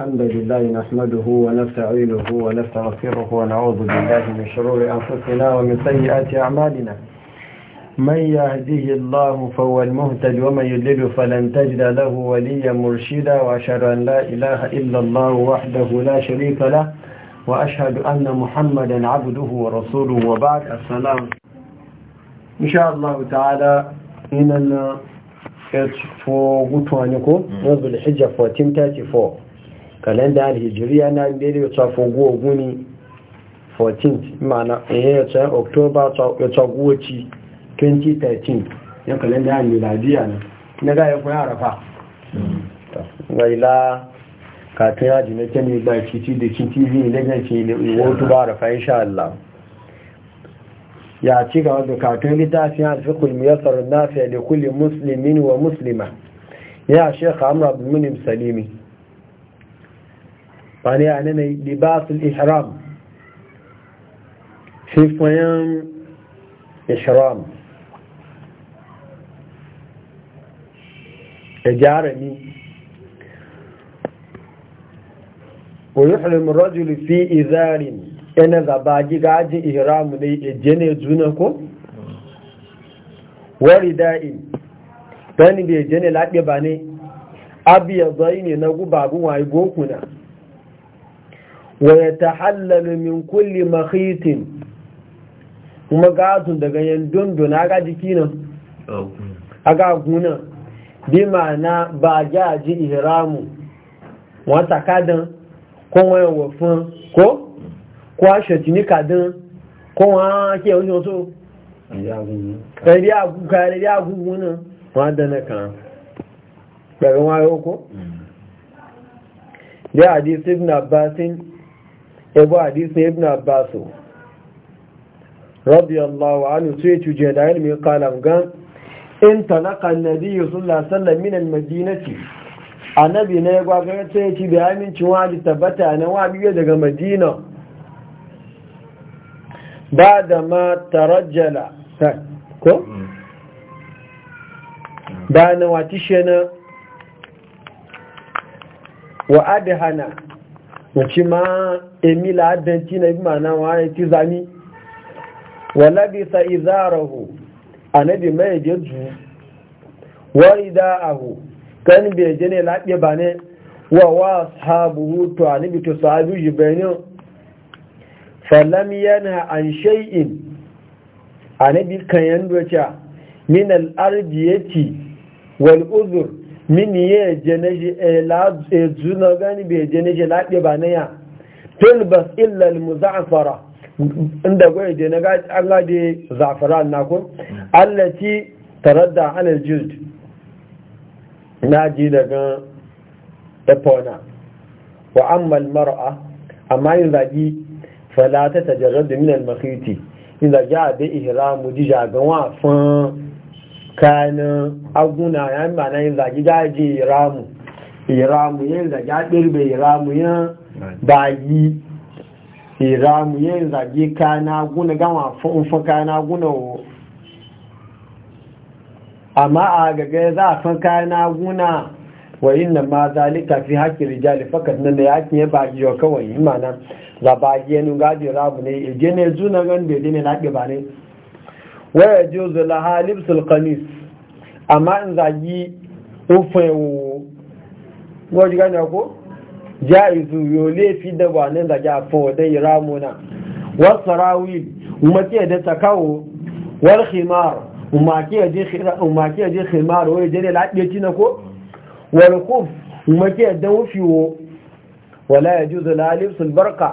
الحمد لله نحمده ونستعينه ونستغفره ونعوذ بالله من شرور أنفسنا ومن سيئات أعمالنا من يهديه الله فهو المهتد ومن يدل فلن تجد له وليا مرشدا وأشهد أن لا إله إلا الله وحده لا شريك له وأشهد أن محمدا عبده ورسوله وبعد السلام إن شاء الله تعالى إننا 4 غتوانكم نزل الحجة 1434 kalenda alhijiriya na daidai ya tsafo guwa guni 14th mana eh, ya tsayin october ya tsagoci 2013 ya kalenda alhijiriya na na ga ya kuna arafa gaila katon yaji na kyan ba kiti da kiti zini da gan ke wato ba arafa insha Allah ya ci gaba da katon littafin ya miyasar nafiya da kulle musulmin wa musulma ya shekha amur munim salimi wani a nanayi libasin ihram shi fayan ihram ya jara ni ko yi halin rajul fi izarin yana zaba gigajin ne ya jene juna ko? wari da'in bani da ya jene laɗe ba ne abu ya zai ne na gubagun waye gokuna ويتحلل من كل مخيط kuma gatun daga yan dundun aga jiki nan aga guna bi ma'ana ba ja ji ihramu wata kadan ko wayan wafin ko ko a shatini kadan ko wa ke wani wato ɗari aguka ɗari agugu nan wadda na kan ɗarin wayo ko ya hadisi ibn abbasin ebo hadisin ibn abbas radiyallahu anhu sai tuje da ilmi qalam gan in talaqa annabi sallallahu alaihi wasallam min almadinati annabi ne gwa ga sai ci da amincin wani tabbata na wa biye daga madina ba da ma tarajjala ko ba na wati shena wa adhana wacce ma emi la'adanci na bi mana wa ya ci zami wa labisa izarahu a nabi mai je zu wa ida'ahu kan bai je ne ba ne wa wa sahabu to a nabi to sahabu ji benin falam yana an shay'in a nabi kan yandoca min al'arjiyati wal uzur mini ya jeneji e e zuna gani bai jeneji laɗe ba na ya tulbas illal muzafara inda kwaye de na zafara na nakun allaci taradda hanar jild na ji daga epona wa ammal mara'a amma yin zagi falata ta jarar da minal makiti yin zagi a bai ihramu ji jagan fun kanin aguna ya mana yin zagi gaji iramu iramu yin zagi adirbe iramu yin bagi iramu yin zagi kanin aguna gama funfun kanin aguna wo amma a gaga za a san kanin aguna wa inna ma zalika fi haƙƙi rijali fakat nan da yakin ya bagi yau kawai yi mana za bagi yanu gaji iramu ne ije ne zuna gan bebe ne na ba ne waya juzu laha libsul qamis amma in zagi ufin wo goji gani ko jaizu yo lefi da ba nan zagi a fa wadai ramuna wasarawil umake ta kawo? wal khimar umake je khira je khimar wai je ne lafiya tina ko wal khuf yadda wufi wo wala ya yajuzu la libsul barka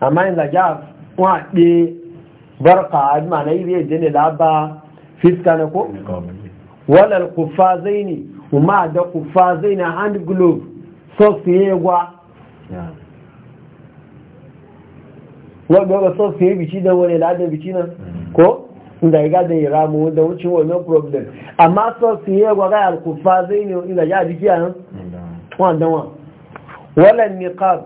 amma in zagi a wa de barka ma na yi zai jini laba fiska na ko walal kufa zai ne kuma da kufa zai na hand glove sosu ya gwa wadda su ya bici da wani ladin bici nan ko inda ya da ya ramu da wuce wani problem amma so sosu ya gwa gaya kufa zai ne inda ya biki a nan wadda wa walal niqab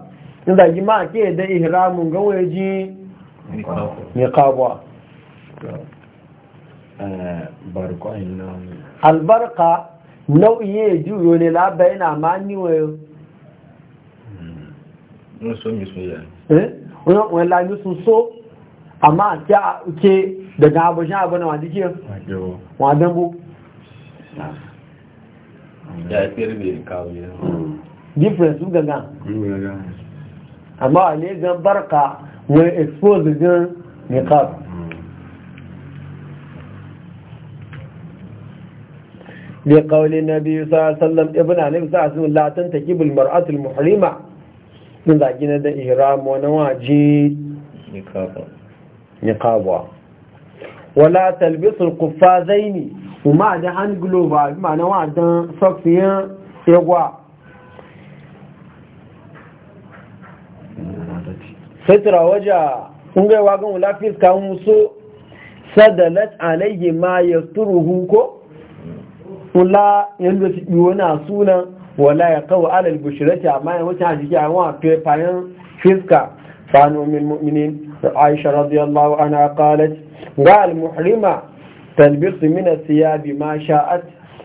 inda ji ma ke da ihramun gawaji albarka nau'i ya juyo ne labar yana ma niwayo wọ́n láyé sun so amma tí a ke daga abushin abu na wàdí wọ́n dánbó ya fere da kawo difference gangan amma wà gan barka will expose gan niqab bi kawalin nabi sallallahu alaihi wasallam ibn anabi sallallahu alaihi wasallam la tantaki bil mar'atul muhrima sun zagi na da ihram wani waji niqabwa wala talbisul quffazaini kuma da hand glove ma'ana wadan sofiyan yagwa fitra waje kun ga wagan wala fiska musu sadalat alayhi ma yasturuhu ko wala yanda su yi wani sunan wala ya kawo alal bushirati amma ya wuce a jiki a yawan fayan fiska fano min mu'minin aisha radiyallahu ana kalat ga al muhrima talbisu min bi ma sha'at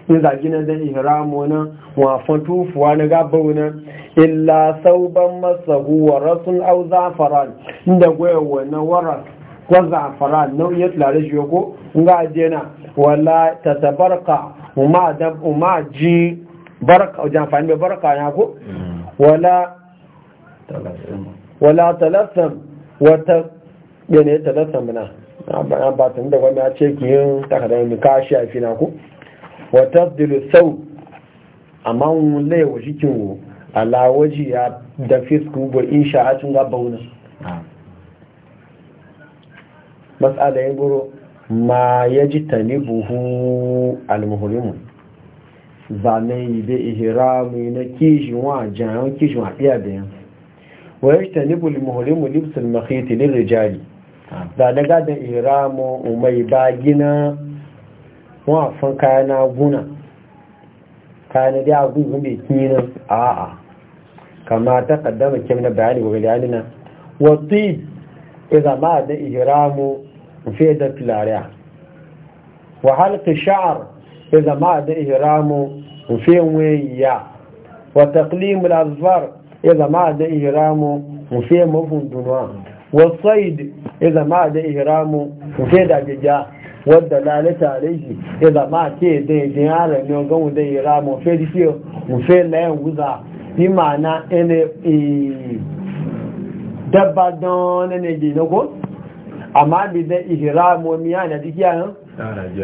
in zagi nan zai ihramu nan wafan tufuwa na gaba wuna illa sauban masahu wa rasun au zafaran inda gwayawa na wara ko zafaran iya tulare shi ko nga jena wala tabarka umma dab umma ji barka wajen amfani da barka ya ko wala wala talassam wata yana talassam na ba ta da wani a ce ki yin mika shi a fina ko wata dilu sau amma wun lai wa jikin wo alawaji ya da fisku ba in sha'atun ga bauna matsala ya buru ma ya ji ta tanibuhu almuhurimu ba na yi da ihiramu na kishin wa jayon kishin wa fiya da yan wa ya ji tanibu almuhurimu lipsul makhiti lirijali ba na gadon ihiramu mai ba gina? wọn fan kaya na guna kaya na biya gungun bai kinin a'a kama ta kaddama kim na bayani gobe da yanina wati iza ma da ihramu fi da filariya wa halka sha'ar iza ma da ihramu fi wayya wa taqlim al-azfar iza ma da ihramu fi mafundunwa wa sayd iza ma da ihramu fi da jaja wadda lalata alaihi ya zama ke dai ya jin yaran ne ga wanda ya rama fe da ke fe layan guza bi ma'ana ene e, dabba don ne ne na ko amma bi da ihramu miya na dikiya nan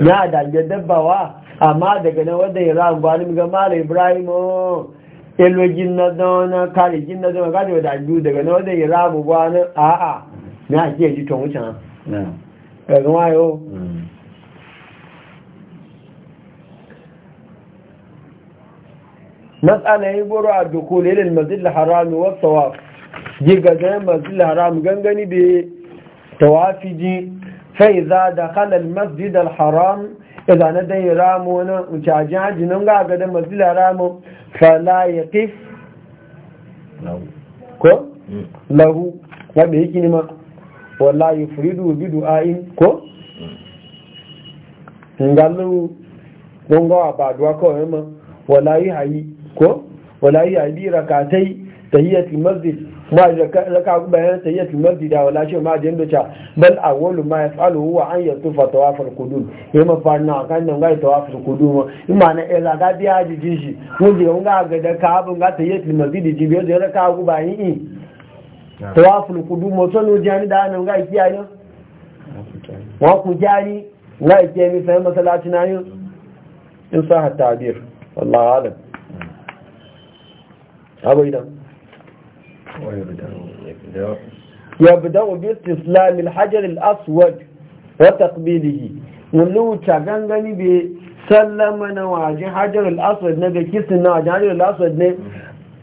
ya da dabba wa amma daga nan wadda ya ba ni ga mala ibrahim elogin e na don kaligin na don gajewa da biyu daga na wadda ya rama gwanin a na ake ji tun wucin ha ɗaga wayo mm. matsala ya goro a doko da ilil mazil haram wasu wa giga zayen mazil haram gangani da tawafi ji fai za da halal masjid haram idan na dai ramu wani ucajin hajji nan ga gadon mazil haram fala ya kif ko lahu wadda yake nima wallahi furidu bi ayin? ko ngalu gongo abaduwa kawai ma wallahi hayi ko wala yi abi rakatai tahiyatul masjid ma raka bayan tahiyatul masjid da wala shi ma da yanda cha bal awwalu ma yafalu huwa an yatufa tawaful qudum yema na kan nan ga tawaful qudum imana ɗaya za ga biya jiji shi ko je nga ga da ka abun ga tahiyatul masjid ji biyo da raka ku ba yi tawaful qudum so no jani da nan ga kiyaye wa ku jani na ke mi sai masallaci na yi? in sa hatta bir wallahi alam yabda obi islam alhajar al'aswad wa taqbilihi wani wuce gangani bai sallama na waje hajar al'aswad na gaki suna wajen hajar al'aswad ne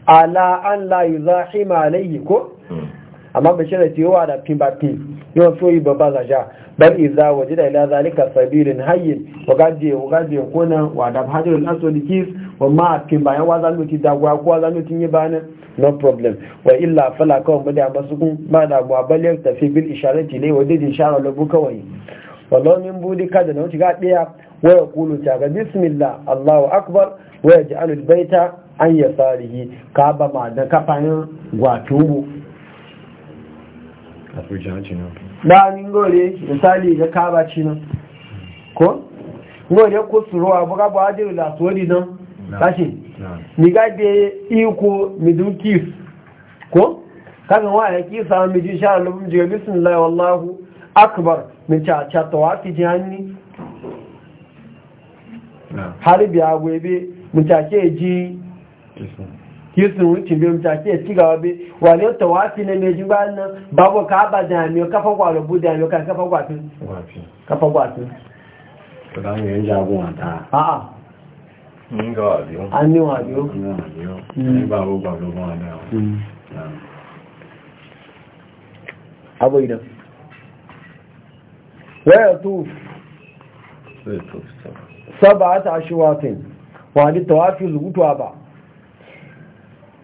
ala an layi zahima ko hmm. amma bai shirya cewa da fin ba fin yawan soyi ba ba zaja bar iza waje da ila zalika sabirin hayyin wa gaje wa gaje ko wa da hajjul aswadi kis wa ma fin bayan wa zanu ti dagwa ko wa zanu tin yi bana no problem wa illa fala kawai mu da masu kun ba da mu ta tafi bil isharati ne wa sha ishara lobu kawai wallahi min budi kada na wuce ga daya wa yaqulu ta ga bismillah allahu akbar wa yaj'alul baita an yasarihi ka ba ma da kafayin gwatubu da ni ngore misali ga kaba ci nan ko ngore ko suruwa buga ba adiru la sori nan kashi ni ga de iko midun kif ko kaga wa ya ki sa mi ji sha Allah mu ji bismillah wallahu akbar min cha cha tawafi jihani haribi agwebe mu cha ke ji yesu wuce biyu ta ce ci gaba bi wale ta wafi ne mai jiba nan babu ka ba da kafa gwaro bu da hamiyo kan kafa gwafin kafa gwafin kudan yin jagon ta a'a an ga wabiyo an yi wabiyo an yi wabiyo ne mm. babu gwaro ba da mm. abu idan waya tuf saba ta shi wafin wani tawafi zuwa ba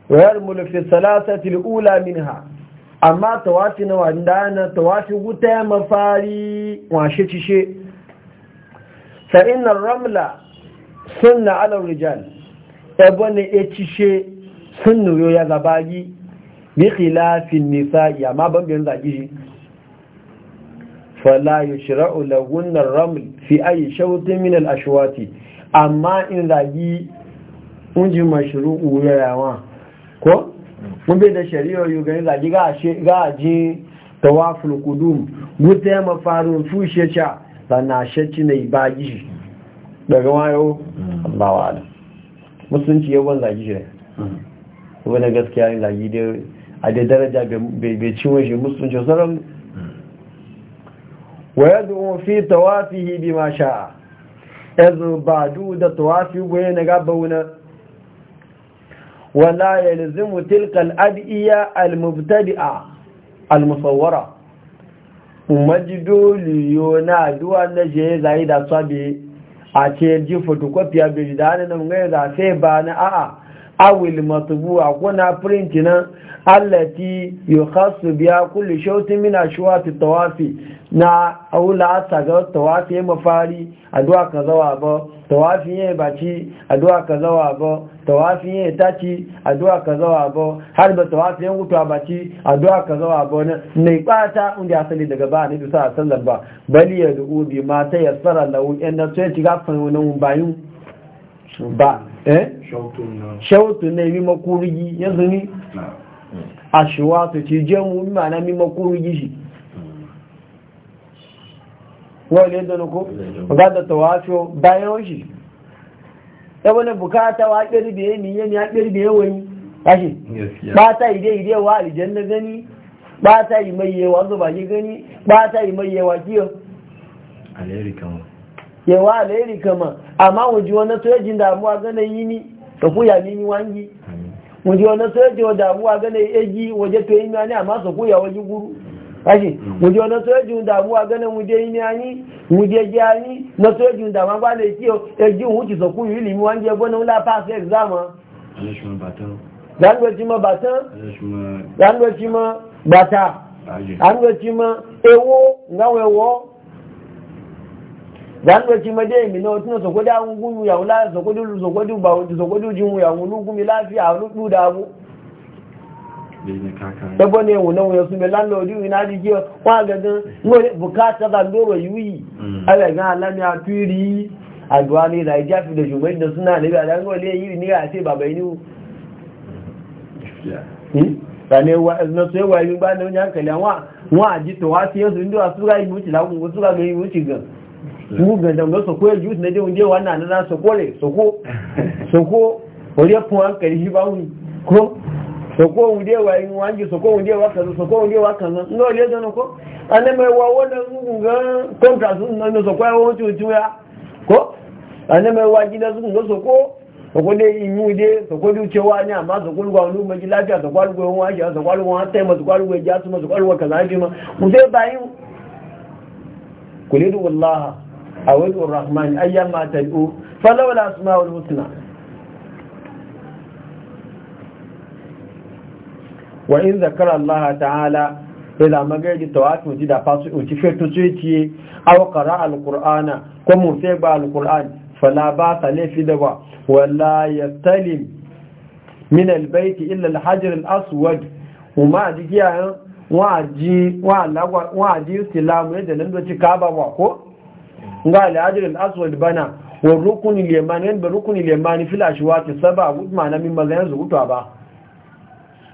wayar mulufi salasatil ula minha amma tawafi na wanda na tawafi guta ya mafari washe cishe sa'inar ramla sunna alar rijal ebe ne ya cishe sun nuyo ya zabagi bi khilafin nisa'i amma ban biyan zagi shi fala yushra'u raml fi ayi shawtin amma in zagi unji mashru'u yayawa ko mun bai da yau ganin zaji ga a ji tawaful kudum guta ya mafarin fushe ca na shacci na ibagi daga wayo Allah da musulunci yawon zaji shi ne. wani gaskiya yin zaji da a da daraja bai ciwon shi musulunci sauran wa da zuwa fi tawafi bi ma sha'a ya zuba da tawafi wani na gaba wani ولا يلزم تلك الأدئية المبتدئة المصورة مجدو ليونا دوانا جي زايدة صبي أتير جي فوتوكوبيا بجدان نمغيزا سيبان آآ أو المطبوع كنا برنتنا التي يخص بها كل شوط من أشواط التوافي na aula ta ga tawafi ya mafari addu'a ka zawa ba tawafi ya baci addu'a ka zawa ba tawafi ya taci addu'a ka zawa ba har ba tawafi ya mutu baci addu'a ka zawa ba ne bata inda asali daga ba ne bisa sallar ba bali ya du'u bi ma ta yassara lahu in da sai ci gafan wannan bayin ba eh shautu ne mi makurigi yanzu ni ashuwa ci jemu mi ma mi makurigi shi wọ́n lè dánú kó ọgádọ̀tọ̀ wá fi báyán òṣì ẹwọ́n lè bukata wá pẹ́rìbì èmì yẹ́ ni a pẹ́rìbì ẹwọ́ yi láṣì pátá wa alijan na gani, ní gẹ́ni pátá ìmọ̀yẹ yawa zuba bàjẹ́ gani, pátá ìmọ̀yẹ wà kí yawa yẹwà àlẹ́rì kama àmá Amma wọn tó ẹjì dàmú agánà yi ni òkúyà ní ní wọ́n yi òjì wọn tó ẹjì dàmú agánà ẹjì wọ́jẹ́ tó ẹ̀yìn kashi mm. muje na sojin damuwa ganin muje imani muje jani na sojin damuwa ba ne kiyo eji wuce so ku yi limi wanje bona ula pass exam zanwe chima batan zanwe chima bata zanwe ewo ngawe wo zanwe chima de mi no tun so ko da ngun ya ula so ko ko ba so ko jin ya ngulu gumi lafiya lu da mu ẹgbọ́n e mm. ni ẹ̀wọ̀n náà yọ̀sùn mẹ́lá lọ orí ìrìn àti jẹ́ wọ́n agagán wọ́n bukata bá lórọ̀ yìí alẹ́gán alámi àtúrí àdúrà ní nàìjíríà fi lè ṣùgbọ́n ìdọ̀ súnà níbi àdáńgọ́ ilé yìí ní àti bàbá inú sani na so yawa yi ba na wani hankali wọn àjí tó wá sí yẹn tó súra soko unde wa inu wanji soko unde wa kazu soko unde wa kazu ndo le dono ko ane me wa wona ngu ga kontra sun na no soko wa tu tu ya ko ane me wa gida sun no soko soko de inu de soko du cewa ne amma soko lu ga lu ma gila ja soko lu go wa ja soko lu wa tai ma soko lu ja su ma soko lu kaza ji ma mu dai bayin kulidu wallahi awadu rahman ayyama tad'u falawla wani husna wa in zakara Allah ta'ala ila magaji tawatu ji da fasu uci fetu ciye aw qara alqur'ana ko mu fe ba alqur'an fala ba tale fi da ba wala yatalim min albayt illa alhajar alaswad kuma jiya waji wa lagwa waji istilamu da nan do ci kaba ba ko ga alhajar alaswad bana wa rukun al-yamani ba rukun al-yamani fil ashwat sab'a ma na min mazayan zuwa ba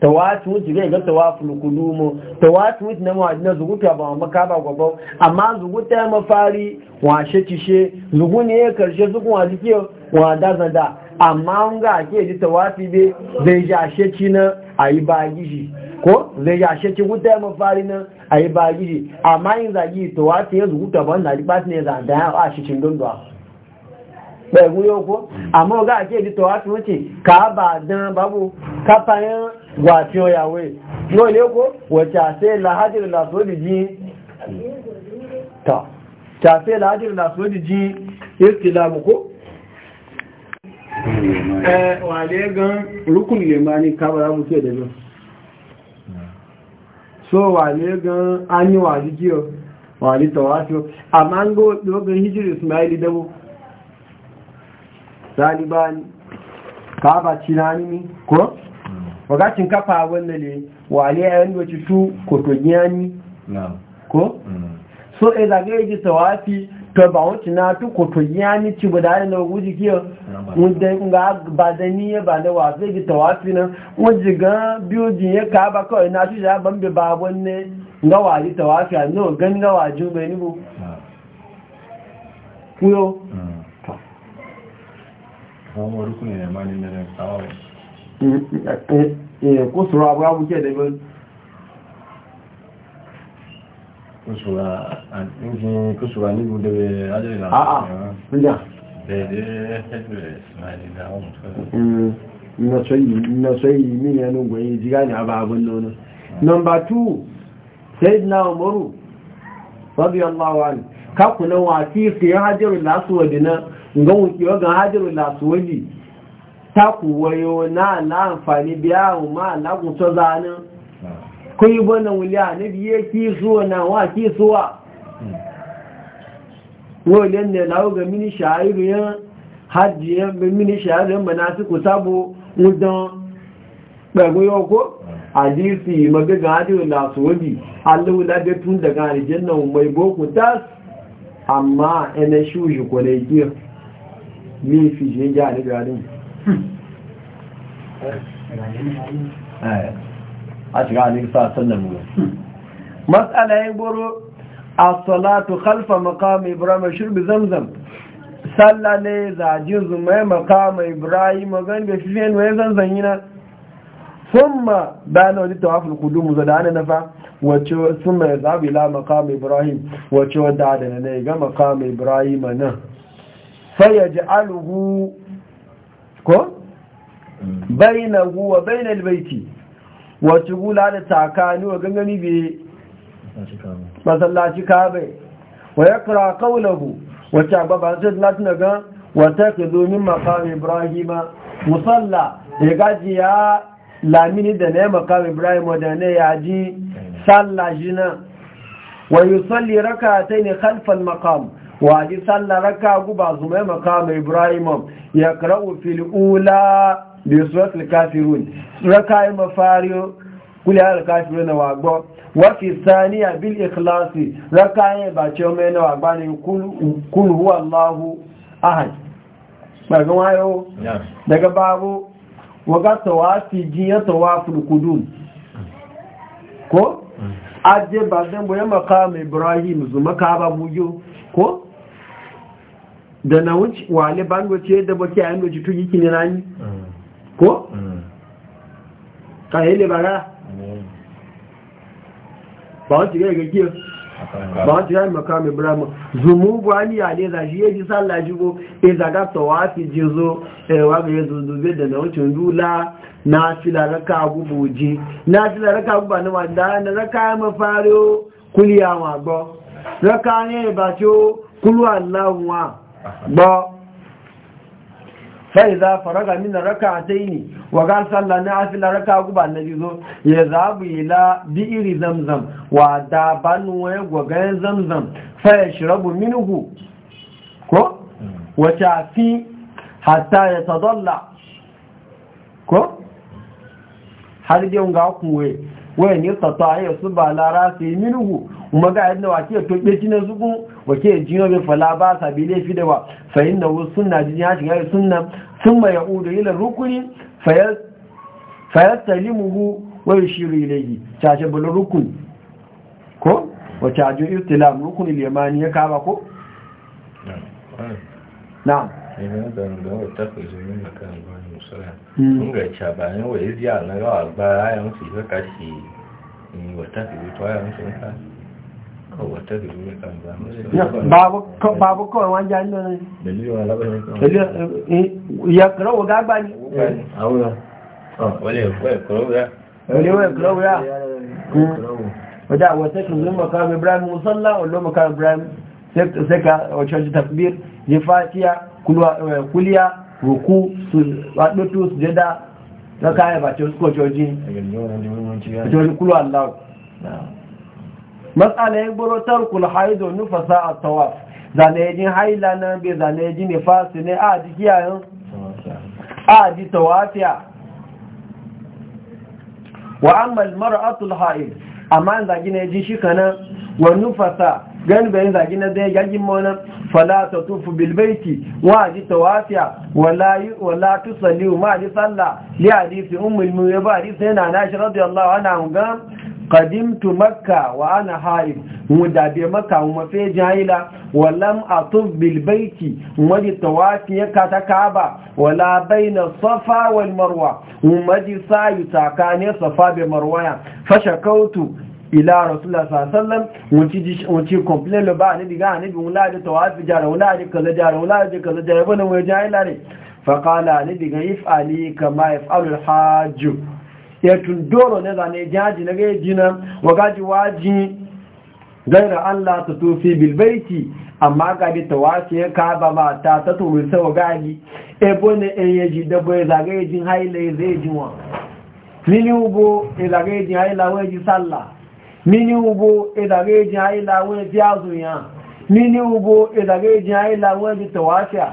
tawatu wuce zai ga tawafu kulumu tawatu wuce na mawaji na zuguta ba maka ba gwabo amma zuguta ya mafari washe cishe zugu ne ya karshe zugun wa jike wa dazada amma an ga ake ji tawafi be zai ji ashe ci na a yi ba gishi ko zai ji ashe ci wuta ya mafari na a yi ba gishi amma yin zagi tawafi ya zuguta ba na riba ne za a daya a shi cin dunduwa bai guyo ko amma ga ake ji tawafi wuce ka ba dan babu kafayen wàtíọ́ yàwó yóò ní kó wà tàfẹ́ láhájìrì lásòdì jí ìsìlámù kó Wa lé eh, gan rukun lè máa ní kábàrá musu ẹ̀dẹ̀lọ́ so wa lé gan wa jíkíọ wà lé tọwátíọ a máa ń gbọ́gbọ́n hijiri ismaili dẹ́bọ́ sáàlì bá ní kábà ci náà ní wakacin kafa wannan ne wale a yanzu wacce tu kotogiyani ko? Mm. so e eh, zaga yi tawafi to ba wacce na tu kotogiyani ci guda yana wuji kiyo ga ba da niye ba da wasu yi tawafi nan wajen ga biyu jiye ka ba kawai na shi ya ban ba wanne ga waje tawafi a nan gani ga wajen bai nibu kuyo? Mm. Wọ́n mọ̀ rúkùnrin ne ni mẹ́rin sáwọ̀ rẹ̀. kó sọ̀rọ̀ abúrábú kí ẹ̀dẹ̀ mẹ́rin kó sọ̀rọ̀ nígbò dẹ̀rẹ̀ ajẹ́rẹ̀ àwọn Nọmbà 2, Sayyidina Umaru, Rabi Allah wa ni, kakunan wa fi fiye hajjarun lasuwa dina, ga wukewa ga hajjarun lasuwa dina, wayo na na amfani biya wa ma na to zanin yi bonan wuliya na biye ki suwa na wa ki suwa wọlen ne na ga mini sha'iru yan hajji yan mini sha'iru yan bana su ku sabo wudan gbagbo yau ko hadisi magagan hadiru na su suwabi allahu da tun daga harijin nan mai boko tas amma ene shuji kwanaki ne fi shi ya ga harin Hmm. a shiga hannun sa sallar mu matsala ya goro a salatu khalfa makam ibrahim shirbi zamzam sallah ne zaji zumai makam ibrahim gan da fiye ne zanzan yi na summa bayan wani tawafin kudu mu zada na nafa wacce summa ya zaɓi la makam ibrahim wacce wanda da na ne ga makam ibrahim nan sai ya ji aluhu ko bainahu wa bainal baiti wace gula da takani wa gangani be masallaci bai wa yakra qawluhu wace baba sai latin daga wata ke domin maqam ibrahima musalla ya gaji ya lamini da ne maqam ibrahima da ne ya ji salla jina wa yusalli rak'atayn khalfa al makamu? waji sallah raka guba zumai makama ibrahim ya karau fil ula bi al kafirun raka yi mafari kuli al kafirun wa wagbo wa fi thaniya bil ikhlas raka ya ba ce mai na wagba ne kul huwa allah ahad daga wayo daga babu waga tawafi ya tawafu qudum ko aje ba zan ya makama ibrahim zuma ka ba bujo ko da na wuce wale bango ce da baki a wuce tuki kini yi ko? yi libara ba wacce ga ga kiyar ba wacce ya yi makamu ibrahim zumu buhari ya ne shi ya ji sallah jigo e zaga tawafi jizo ewa ga ya zuzube da na wuce rula na fila raka agubu ji na fila raka agubu na wanda na raka mafari ma gbọ raka ne ba ce kulu allahun wa ba sai za faraga min raka taini wa ga sallah na afila raka guba na jizo ya zabu ila bi'iri zamzam wa da banu wa goga zamzam fa yashrabu minhu ko hmm. wa tafi hatta yatadalla ko har dai ga kuwe wayan yata ta ya suba la rasi minhu kuma ga yadda wace to be kinan zugun wake jiyo bi fala ba sa bi laifi da ba fa inna hu sunna jin ya shiga sunna thumma yaudu ila rukuni fa fayastalimuhu wa yushiru ilayhi chaje bul rukun ko wa chaje istilam rukun al-yamani ya kaba ko na'am idan da ga wata ku zumin da kan musulun, sun kun ga cha ba ne wa izya na ga ba ayan su ka kashi ni wata ku to ayan sun ka babu kawai wani jani ne eh, ya kira wa gagba ne eh, wale ah, wa kira wuya wadda eh, hmm. wata shi zuwa makarar ibrahim musalla wallo makarar ibrahim sai ka wacce tafbir ya fatiya kuliya ruku su waɗutu su jada na kayan bacin suko coji a jirgin wani jirgin kulu allahu Matsala matsalai burotar kula haido nufasa a tawaf zanejin haila nan bai zanejin nifasi ne a jiki yayin a ji tawafiya wa ammal mar'atul haid amma zagi na ji shi kana wa nufasa gan bayin zagi na zai yagi mona falata tufu bil wa ji tawafiya wa latu tusalli ma ji salla li hadisi ummul ya ba hadisi na nashi radiyallahu ana قدمت مكة وأنا حائض مداد بمكة ومفي في جاهلة ولم أطف بالبيت ومدي التواف يكات كعبة ولا بين الصفا والمروة ومدي ساي تاكاني صفا بمروة فشكوت إلى رسول الله صلى الله عليه وسلم ونتي كمبلين لبا نبي قال نبي ولا دي تواف جارة ولا دي كذا جارة ولا دي كذا جارة ونوي جاهلة فقال نبي قال افعلي كما يفعل الحاج ya tundoro na zane jaji na gaya jina wa waji zaira Allah ta Tufi bilbaiti amma gabi ta wasu ya kaba ba ta ta turu sau gaji ebo ne in ya ji dabo ya zagaye jin haila ya zai jinwa mini ubo ya zagaye jin haila wani ji sallah mini ubo ya zagaye jin haila wani ji azuya mini ubo ya zagaye jin haila wani ji tawafiya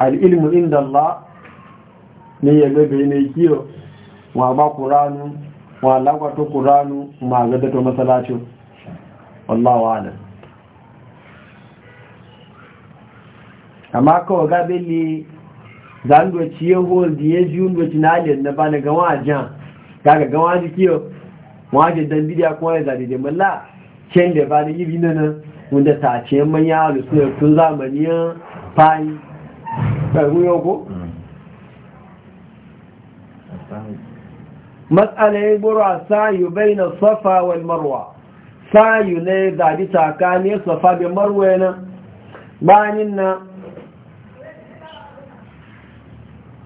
al'ilmu inda Allah ne ya gabe ne kiyo wa ba ƙuranu wa lagwato ƙuranu ma gadata matsalacin wallawa adam amma kawo gabe ne zandoci ya holdi ya ji hundoci na aliyar na ba na gama a jan gaga gama ji kiyo ji don bidiya kuma ya zade da malla can da ba na iri nan wanda ta ce manya a lusunar tun zamaniyar fayi ɗargu yau ko? matsalai a sayu bai na safa wal marwa sayu ne zaɓi tsakanin safa da marwa yana bayanin na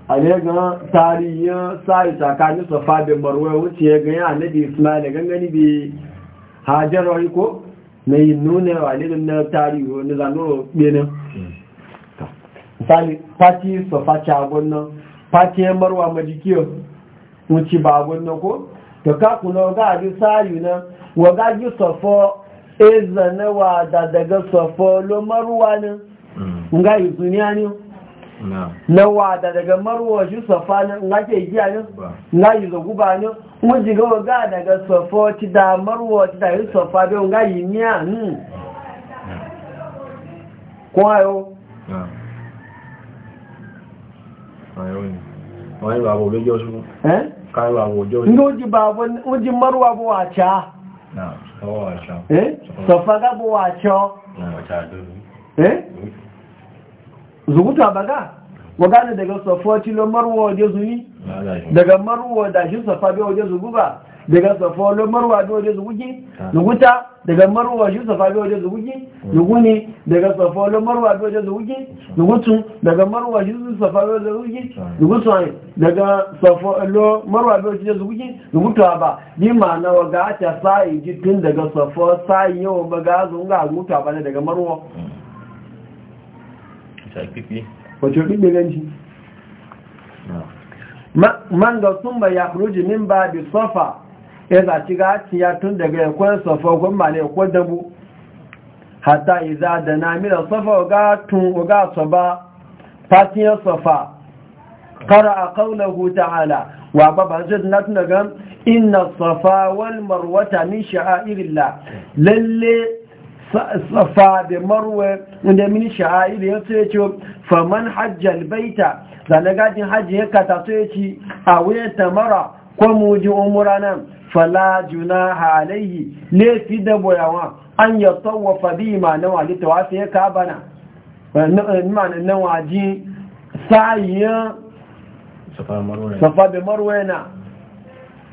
a ne ga tarihin sayu tsakanin safa da marwa wuce ga yana na da ismail gangani bi hajjar ko Mai nuna wa ne na tarihi wani zanen ɓenin misali fati sofaci a gwannan fati ya marwa majikiyo wuce ba a gwannan ko to na waga a ji sayu nan waga ji sofo ezanawa da daga sofo lo marwa nan mm. nga yi duniya ne na wada daga marwa shi sofa nan nga ke giya nan nga yi zaguba nan wuce ga waga daga sofo ti da marwa ti da yi sofa bai nga yi niya ko ayo Ngoji babu ngoji marwa bu wacha. Na, sawa wacha. Eh? Safaga Na, wacha do. Eh? Zuguta baga. daga safa tilo marwa waje Daga marwa da shi safa bai waje ba. daga safo lo marwa do je zuguji ah. nuguta daga marwa shi safa do je zuguji ah. nuguni daga safo lo marwa do je zuguji ah. nugutu daga marwa shi safa do je zuguji nugutu daga safo lo marwa do je zuguji nugutu ba ni ma na waga ta sai ji tun daga safo sai yau maga zunga gutu ba daga marwa sai pipi wato ganci man ga sun ba ya min ba bi sofa ya zaci gaci ya tun daga yankunan safa gwamma ne ko dabu hatta iza da mira safa ga tun ga safa fatiyar safa qara a ta'ala wa baba jid na tun daga inna safa wal marwa min sha'airillah lalle safa da marwa inda min sha'air ya ce ce faman hajjal baita zane gadin hajji ya kata ta ya ci a wuyan tamara ko mu ji umura nan fala junaha alaihi ne fi da boyawa an ya tawafa bi ma na ta wasu ya kabana wannan nan waji sayiya safa da marwena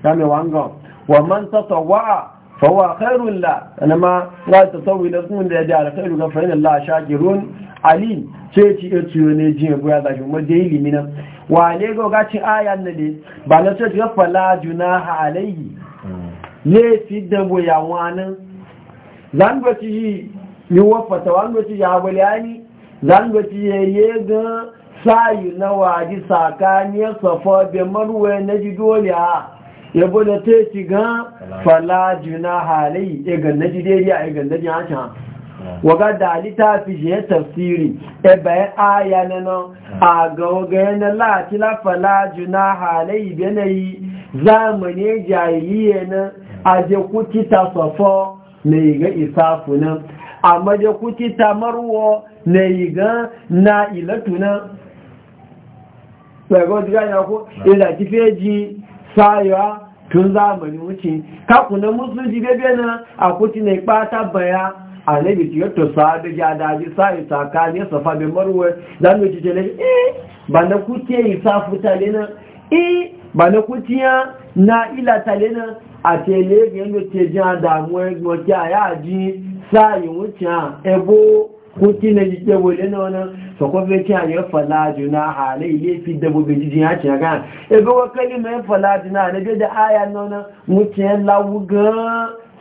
kame wanga wa man tatawwa fa huwa kairun la anama la tatawi da sun da ya alkhairu ga fa inna la shakirun alim ce ci ya ciyo ne jin goya da shi mu da ilimi nan wale ga ci ayan na ne ba na sai ga fala ha alayhi ne fi da wani, zan ba ci yi wafata wan ba ci ya bulani zan ba ci yaye ga sayi na waji sakaniyar safa bai marwa na ji dole ya yabo da ta ci ga fala ha alayhi e ga na ji dai ya e ga na ji haka waga da littafi je tafsiri e bayan aya na nan hmm. a ga waga na lati lafala juna halayi benayi zamani jahiliya na hmm. a je kuti ta safo mai ga isafu nan amma je kuti ta marwo na ga na ilatu nan ɗaga jiya ya ko hmm. ila kife ji sayewa tun zamani wuce kakuna musulunci bebe na a kuti na ipata baya annabi ce yato sahabi ya daji sai tsakanin safa bin marwa dan mu ce ne eh ba na kuke yi safu tale na eh ba na kutiya na ila tale na a tele ga yanda ce jin damuwa mo ki aya ji sai wuce ebo kuti na jike wole na wannan so ko be ki aya fala juna alai ya fi dabo be jin ya ci ga ebo wa kalima fala juna ne da aya na nona mu ce ga.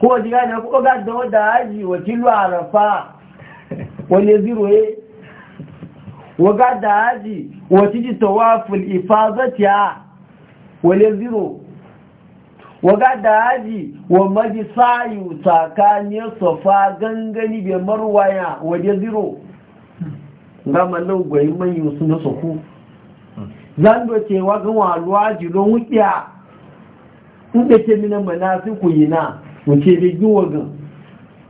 ko jiga na kuka ga da wadda haji wakilu arafa wani ziro ya waga da haji wakili tawaful ifazatiya wani ziro waga da haji wa maji sayu tsakaniyar sofa gangani bai marwaya wani ziro ga mallon manyan su soko zan doce wa gan waluwa jilon wukiya in da ke mina mana su ku yi na wuce da giwa ga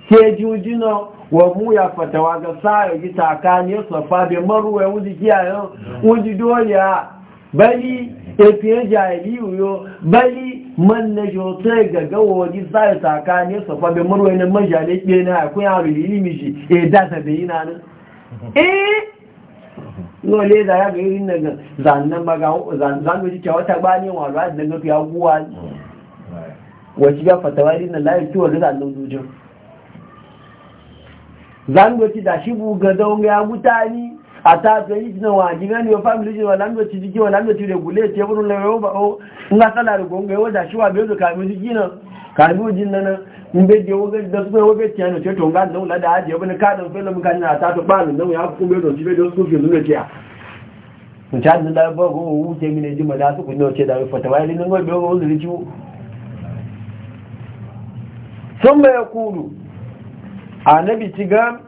ke jujina wa mu ya fatawa ga sa ya ji takani su fa bi maruwa wuji kiyaye wuji ya bali e fiye jayi yo bali man na jota ga ga wuji sa ya takani su fa bi maruwa ne man jale ke na ku ya da limi shi e da ta bi na ne e? Nwa le za ya ga irin na ga zan na maga zan zan ji cewa ta bani wa ra da ga fi aguwa wace ga fatawa na layar kiwon rika nan dujin zangoci da shi buga zaun ya mutane a ta tsayi na waji gani wa family jin wa langoci jiki wa langoci regule ce wurin na yau ba o na tsala da gonga yau da shi wa bezo kami jiki nan kami jin na, in bai je wogan da su wogan na, ce to ga nan lada aje bane ka dan fela mun kan na ta to ba ya kuma bezo ji bezo su fi nuna ce mun ta da ba go wuce mine ji da su ku ce da fatawa ne nan go bezo ciwo sun mai kulu a nabi ci gam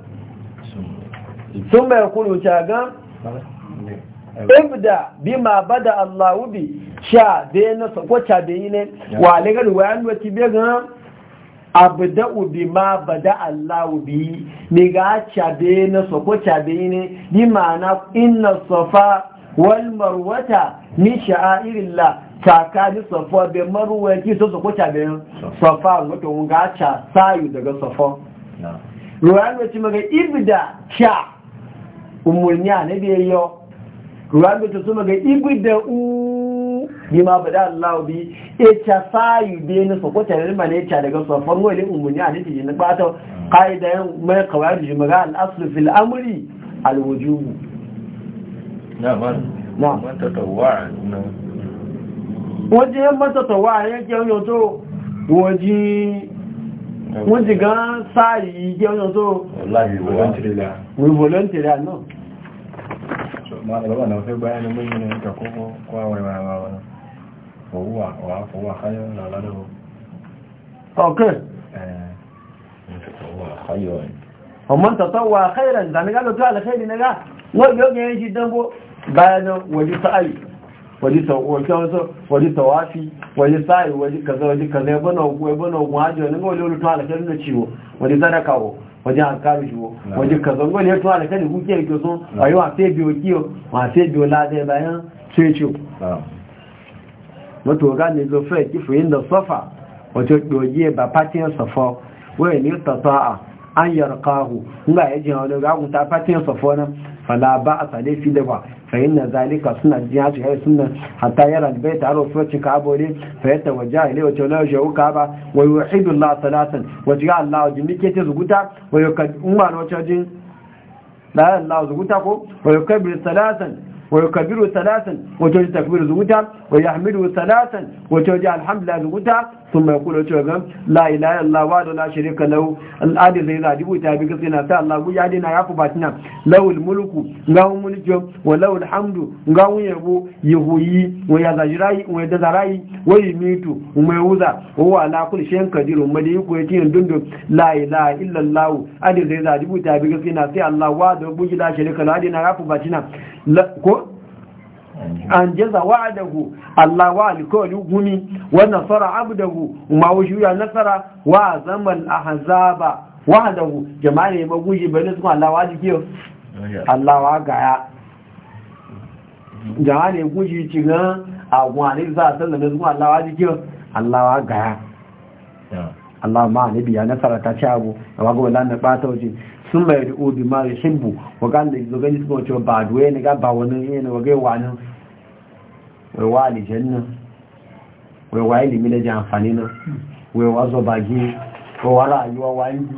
sun mai kulu ci gam ibda bi ma bada allahu bi sha bai na ko ca yi ne wa wa alagar wayan wati bai gan abda ubi ma bada allahu bi ni ga ca bai na ko ca yi ne bi ma na inna safa wal marwata ni la. tsakani safo bai maruwa ki so su kuta bai safa wato mun ga cha sayu daga safo ruwan wace maga ibda cha umurniya ne bai yo ruwan wace su maga ibda u bi ma bada Allah bi e cha sayu bai ne so kuta ne mane cha daga safo wani umurniya ne tiji na bata qaida yan mai qawaid maga al asl fil amri al wujub na man na man tatawwa na wọ́n jẹ́ mọ́tọ̀tọ̀ wà ayẹ́ jẹ́ oyan tó wọ́n jí gan sáàyì jẹ́ oyan tó volunteer náà ma tọ̀tọ̀ wà káyọ̀ ìdàmígá lọ́tọ́ àlẹ́kẹ́ ìdínagá wọ́n yóò gẹ̀ẹ́ jí dánwó báyẹ̀ náà wọ́n jí sáàyì wali tawafi wali sa'i wali kaza wali kaza ya bana ogun ya bana wani wani tuwa alakari na ciwo wali sadaka wo wajen alkari ciwo wali kaza wali ya tuwa alakari kuke da kyosun a yi wafe biyo kiyo wafe biyo lade bayan sai ciwo wato gane zo fai kifo yin da sofa wato dogiye ba fatin safo wani ne tata an yarkahu nga ya jina wani gagun ta fatin safo nan فلا بأس عليه في دوا فإن ذلك سنة جهاز هي سنة حتى يرى البيت على وفرة كابو لي فيتوجه إليه وتولى وجهه كعبة ويوحد الله ثلاثا وجعل الله جميك تزغوتا ويكد أمان وتجين لا الله زغوتا ويكبر ثلاثا ويكبر ثلاثا وتجي تكبير زغوتا ويحمله ثلاثا وتجي الحمد لله زغوتا sun mai kula cewa gan la ilaha illallah wa la sharika lahu al'adi zai dubu buta bi kasi na ta Allah ya dina ya fi batina lawul mulku ngawun mulkin wa lawul hamdu ngawun yabo yahuyi wa ya zajirai wa da zarai wa yimitu mai wuza wa wa ala kulli shay'in kadiru ma da yi yake tiyan dundun la ilaha illallah adi zai zadi buta bi kasi na ta Allah wa da buji la sharika lahu adi na ya fi batina ko an jaza wa'adahu Allah wa alkawli gumi wa nasara abdahu ma ya nasara wa zaman ahzaba wahdahu jama'a ne maguji bane su Allah wa jikiyo Allah wa gaya jama'a ne guji ciga agun ali za ta da su Allah wa jikiyo Allah wa gaya Allah ma ne biya nasara ta ci abu amma ga wannan ba bata waje sun mai da obi ma ya shimbu wa ga da zo gani su ba duwe ne ga ba wani ne wa ga wani waiwa alijan nan waiwa ilimi na jan amfani nan waiwa zobage waiwa rayuwa wani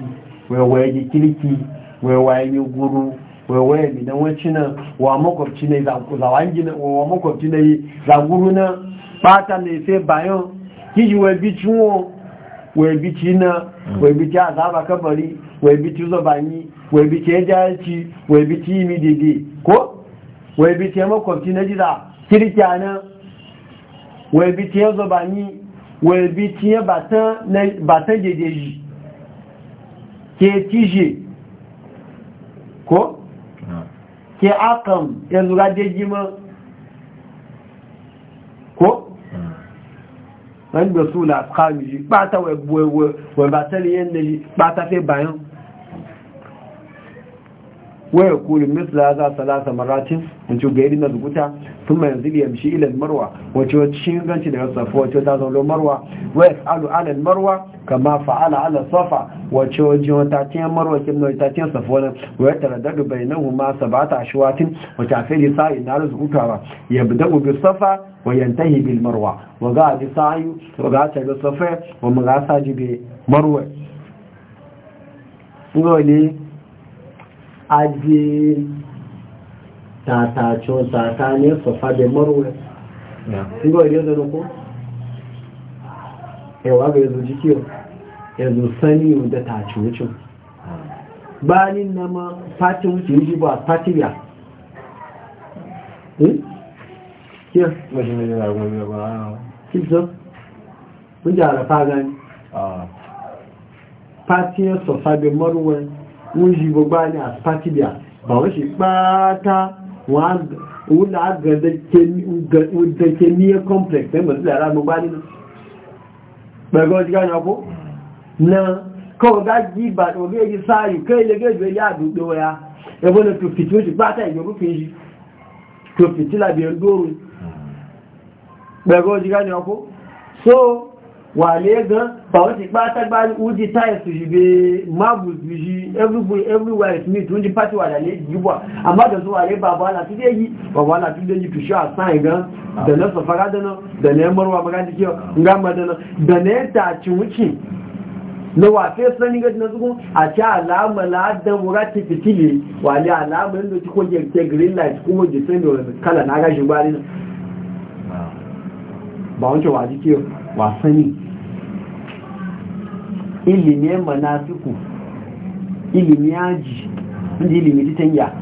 waiwa yaji kirki waiwa yaji guru waiwa yaji wa na zawangi na wa na zaguru na bata ne na wai bi ci azaba kabari wai bi ci zobanyi ko wai bi ci kirkiya nan wai bi tiye zoba ni wai batan jejeji ke tije ko? ke akam ya zura jejima ko? wani da su kawai ji bata wai da ji bata bayan waya kulun misla za salasa maratin in ci gairi na zubuta sun mai yanzu mishi ilal marwa wace wace shi ganci da safa wace ta zaune marwa waya alu alal marwa kama fa'ala ala safa wace wace wata tiyan marwa kin na ta tiyan safa wani waya taradadu bai na huma sabata ashwatin wace a fili sa'i na rizukuta ba ya bida ubi safa wa yantahi bil marwa wa ga a sa'i wa ga ta bi safa wa mu ga sa ji bi marwa. aje tatacin tsakanin safa da marwa ingo ile da nuku yawa ga yanzu jikiyo yanzu sani da taci wucin bayanin na ma fatin wucin yi ba fatiya hmm? ba kiyar mun jara fagan ah. fatiyar da marwa ń yí gbogbo ní àpátíbíà bàwọn ṣe pátá wọ́n lágẹ̀ẹ́dẹ̀kẹ́ ní complex ẹgbẹ̀ sílẹ̀ ara gbogbo nínú pẹ̀gọ́ ti gáyàn kó na kọ́ọ̀gá jí bà ògbé èyí ya so wàlẹ́ gan pàwọ́ ti pátágbá oúnjẹ táyẹ̀sù ìbẹ̀ marbles yìí everywhere is meat pàtí wà lálẹ́ yíwà àmọ́dọ̀tún wà lẹ́ bàbá alátúndé yìí bàbá alátúndé yìí tùṣọ́ àsáì gan dẹ̀nẹ́ sọ̀fàrà dẹ̀nẹ́ mọ́rọ̀wà magájíkíọ̀ ngámà dẹ̀nà sani a alama alama kala na ba wa sani ilimin manafiku ilimin yaji inda ilimin titan ya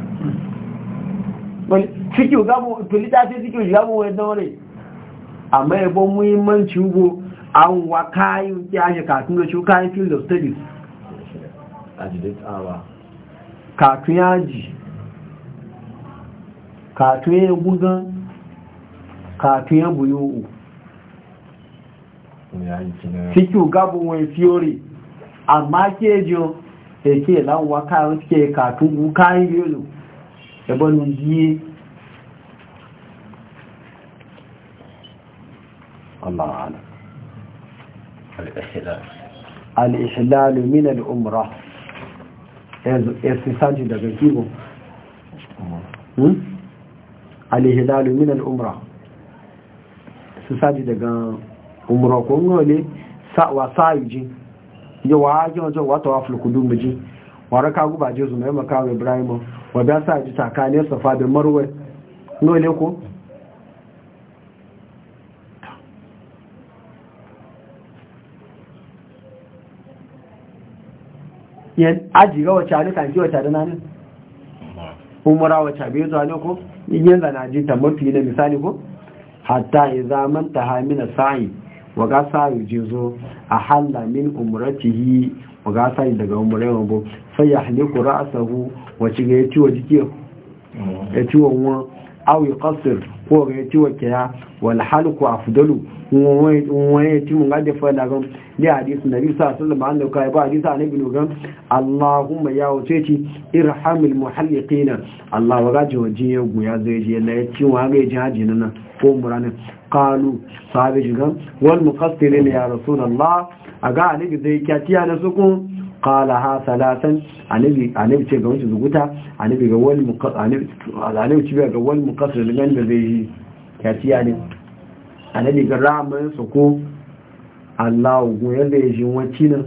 fiki gabu tulita sai fiki gabu wannan wani amma yabo muhimmanci hugo an wa kayan yaji katun da field of studies katun yaji katun ya gugan katun ya buyo fiki gabu wani amma ke jiyo da ke lanwa kayan suke katun yi yolo da banin jiye Allah ala al-ihlalu min al-umra sanji daga kibo hmm? hmm? al’ishilalu min al’umra umra sanji daga umra ko ngole wa sayujin ya wa ajin wajen wata wa fulkudu miji wara ka guba jesu mai makawa ibrahim wa da sa ji tsakanin safa da marwa no ne ko yan aji ga wace ne kan ji wace da nan umara wace bai zuwa ne ko yin zanaji ta mafi na misali ko hatta ya zamanta hamina sa'i waga sa yujizo a halla min umratihi waga sa daga umrewa bo sai ya haliku ra'sahu wace ga ya ciwo jike ya ciwon wani aw yuqassir ko ga yaci wake ya wal halqu afdalu wani yaci mun gaje fa da gan da hadisi nabi sallallahu alaihi wasallam kai ba hadisi annabi no gan allahumma ya wuce ci irhamil muhalliqin allah wa gaje waje ya guya zai je na yaci wa ga ji haji nan ko murana qalu sahabi gan wal muqassirin ya rasulullah aga annabi zai kyaciya na sukun qala ha salatan annabi annabi ce ga wani zuguta annabi ga wal muqaddam annabi ce ga wal muqaddam da zai yi kaciya ne annabi ga ramin su ko Allah go yanda ya shi wacce nan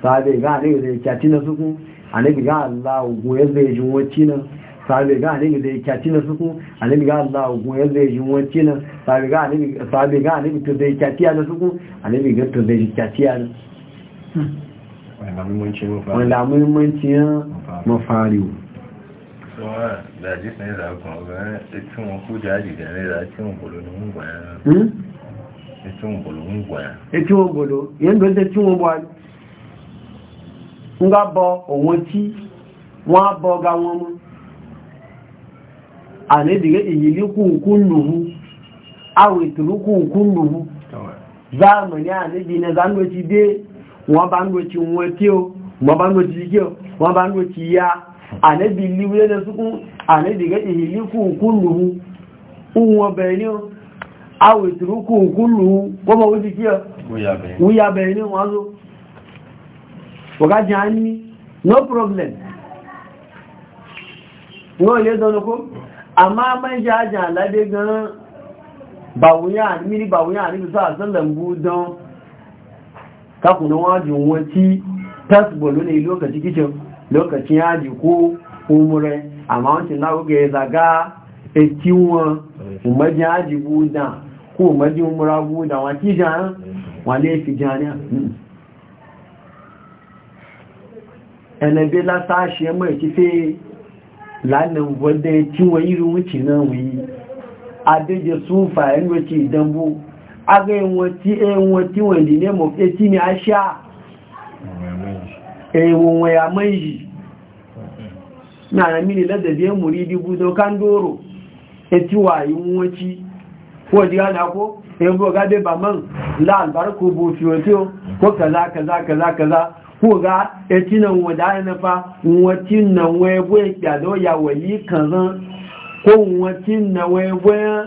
sabe ga zai kaciya su ko ga Allah go ya shi wacce nan sabe ga annabi zai kaciya su ko annabi ga Allah go ya ya shi wacce nan sabe ga ne sabe ga annabi to zai kaciya su ko annabi ga to zai kaciya ne wani da muhimmanci ya mafari da jisun zaɓi kuma ganin ikin wakil jaji da ikin wakil nun gwaya ikin gwaya ikin wakil yadda wata ikin wakil nga bọ òun tí wọ́n bọ ga wọn mọ́ àníbìgẹ́ wọ́n bá ń lò tí wọ́n tí ó wọ́n bá ń lò tí kí ó wọ́n bá ń lò tí yá ànẹ́bì líwé lẹ́ ànẹ́bì gẹ́gẹ́ ìlíkù kúlùú wọ́n bẹ̀rẹ̀ ní àwẹ̀tìrúkù kúlùú wọ́n bá wọ́n ti kí ó wúyà ní wọ́n ló wọ́gájá ní no gan bàwúyà níbi bàwúyà níbi ń bú dán kakunan wajin wanci tasbolo ne lokaci kicin lokacin yaji ko umurai amma wancan na kuka ya zaga a kiwon umarjin yaji buda ko umarjin umura buda wani jan wani fi janiya ẹnẹgbẹ́ látàṣẹ mọ́ ìkífẹ́ lánàá wọ́dẹ tí wọ́n yìí rú wùcì náà wùyí adéjẹ súnfà ẹnu ẹ̀kì aga enweti enweti wendi ne mo eti ni asha ewo nwe ya meji na na mini lada bi muridi budo kandoro eti wa yunweci ko diga e na ko ebo ga de ba man la albarku bu fi wato ko kaza kaza kaza kaza ko ga eti nan wada na fa wati nan we bo ya do ya wali kan ko wati nan we bo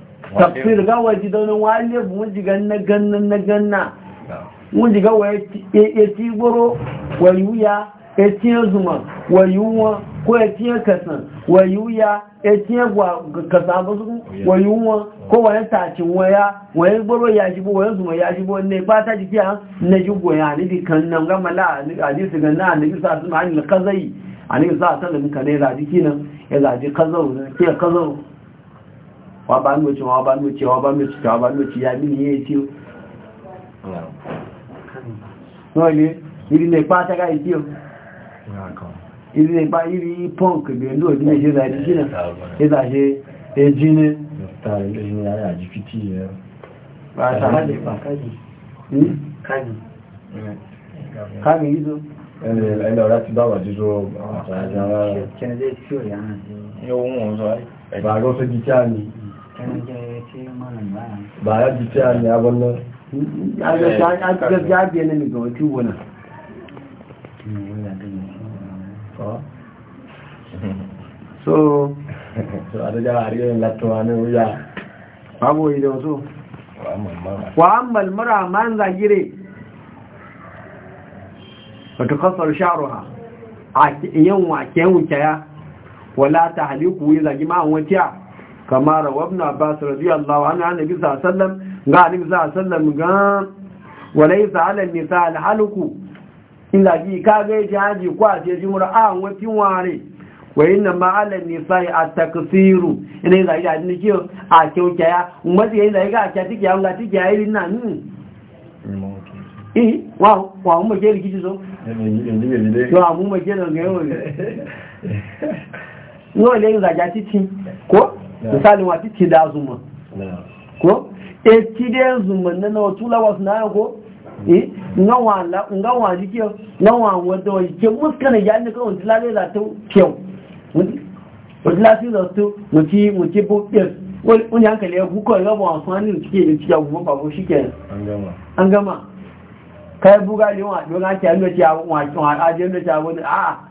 tafsir ga waje da wani wale mun ji ganna ganna na ganna mun ji ga waye e, e ya ci goro wayuya ya ci zuma wayuwa ko ya ci kasan wayuya ya ci gwa kasa ba su wayuwa ko wani tacin waya waye goro ya ji bo waye zuma ya ji bo ne ba ta ji na ji goya ni di kan nan ga mala ni hadisi ganna ni sa su ma ni kazai ani sa ta da muka ne radi kinan ya e zaji kazau ne ke kazau wọ́n bá ń lóòtí wọ́n bá ń lóòtí wọ́n bá ń lóòtí wọ́n bá ń lóòtí ya nínú yẹ́ tí ó wọ́n lè ìrìnlẹ̀ ipá tẹ́gá ìtí ìrìnlẹ̀ ipá ìrì punk gbẹ̀lú ọ̀rá ti bá wà jíjọ àwọn àjá ara rẹ̀ kí ẹ̀lẹ́ tí ó rí àwọn àjẹ́ ẹ̀bà rọ́fẹ́ jíjá ni ba ya ji ta ya wannan biya ga wata so so a daga latuwa ne wuya babu yi da wasu man zagire wata kasar sharuwa a yin wa wuce ya wala ta haliku yi zagi ma'an wata kama rawa ibn abbas radiyallahu anhu annabi sallallahu alaihi wasallam ga nabi sallallahu alaihi wasallam ga walaysa ala nisa al illa bi ka ga jaji a je jimura an wati ware wa inna ma ala nisa at taksiru ina ga ya ni kiyo a kyauta ya ummati yayin da ga ta tiki ya ga tiki ya irin ni hmm. eh wa wa mu je rikici so to mu mu je da ga yau ne no le ga ja titi ko misalin wa kike da zuma ko e kide zuma na na tula wasu na ko eh ngawa eh, la ngawa jike ngawa wado ke muskana ya ni ko dilale da to kyau wadilasi da to muti muti bukkes wani hankali ya kuka gaba wasu hannun cike da cike kuma babu shi ke an gama kai buga ne wa don ake hannu ce a wajen da ce a wani a'a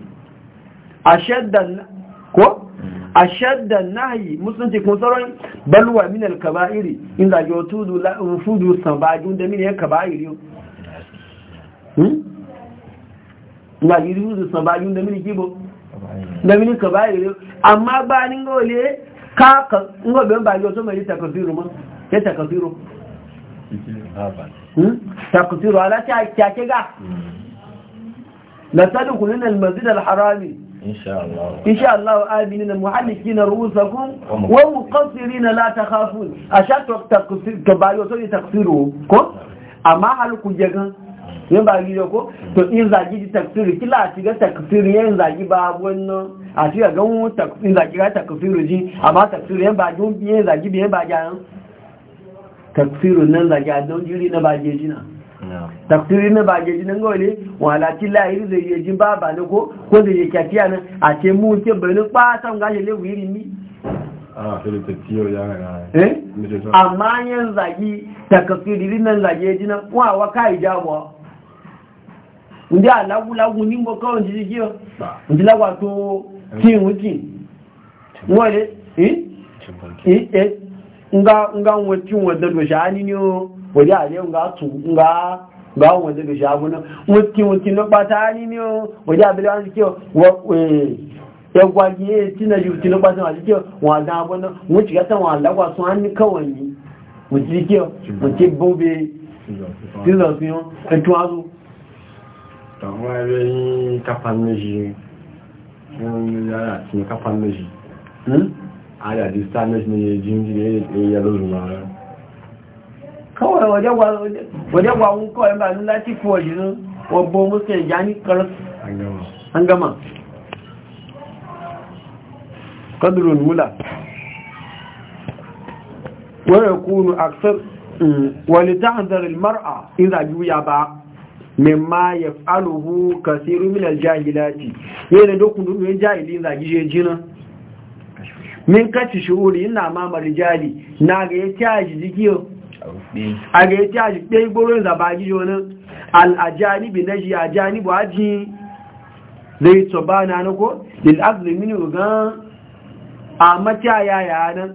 ashaddan ko ashaddan musulunci kun tsaron balwa min al-kaba'iri in da yo tudu fudu sabajun da min ya kaba'iri hmm la yudu sabajun da min kibo da min kaba'iri yau amma ba ni ngole ka ka ngobe ba yo so mai takasiru ma ya takasiru takasiru ala ta kyake ga na tadkhuluna al-masjid harami إن شاء الله na محلقين رؤوسكم ومقصرين لا تخافون أشاء تكبالي وصولي تقصيرهم أما حلقوا جيغان yin ba gido ko to in zagi ji kila a shiga takfiri yin zagi ba wani a shiga gan in zagi ga ji amma yin ba gun yin zagi biye ba gyan nan zagi a don jiri na ba tafsiri na ba geji nan gole wala ti lahiri zai yi jin baba ne ko ko ah, eh? zai yi kyakiya nan a ce mu ke bani kwatan gashi le wiri ni amma yan zagi takafiri nan zagi ji nan wa wa kai jawo ndi alagu lagu ni mo ko ndi ji yo ndi lagu to ti wuti ngole eh? eh eh nga nga won ti won da do shani ni o wòye àlẹ́ ńgá tù ńgá ńgá wọn lè bèṣà wọn wọn kí wọn kí ní pátá ní ní wòye wa, wọn kí wọ́n kwaji yẹ́ tí na yìí tí ní pátá wọn kí wọn àdá wọn wọn ti gata wọn àlágbà sún á ní kọwọ̀n yìí wọn ti kí wọn ti bó bẹ sílọ sí wọn ẹtù azú. àwọn ẹgbẹ́ yín kápá méjì ń yára àti kápá méjì. Hmm? àyà dìstá méjì ni yẹ jíjí yẹ yẹ kawai waje gwawun kawai ba nuna ti fi waje nun wabbo musu ya ni karas an gama kadurun mula waya kunu aksar wani ta hanzarin mar'a iza juya ba mimma ya faluhu kasiru minal jahilati yana dokun dukkan jahilin zagi jina. min kaci shi'uri ina mamar jali na ga ya kyaji jikiyo a tí a ta shi ɗaya gboron zaba gijo nan al'ajanibi na shi ajanibu aji zai tsoba na na ko lil'azuli mini gan a mata yaya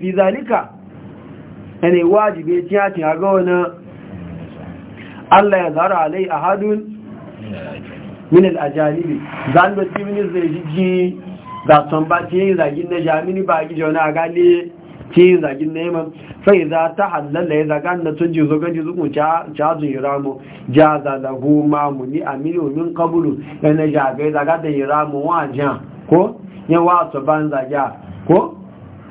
fi zalika wajibi ya ya zara alai a hadun min al'ajanibi zan da cibinin ke zagin neman fai za ta hallalla ya zaga na tun jizo ga jizo mu cazun iramu ja za da hu ma mu ni a miliyoyin kabulu yana jaga ya zaga da iramu wajen ko ya wa wato ban zagya ko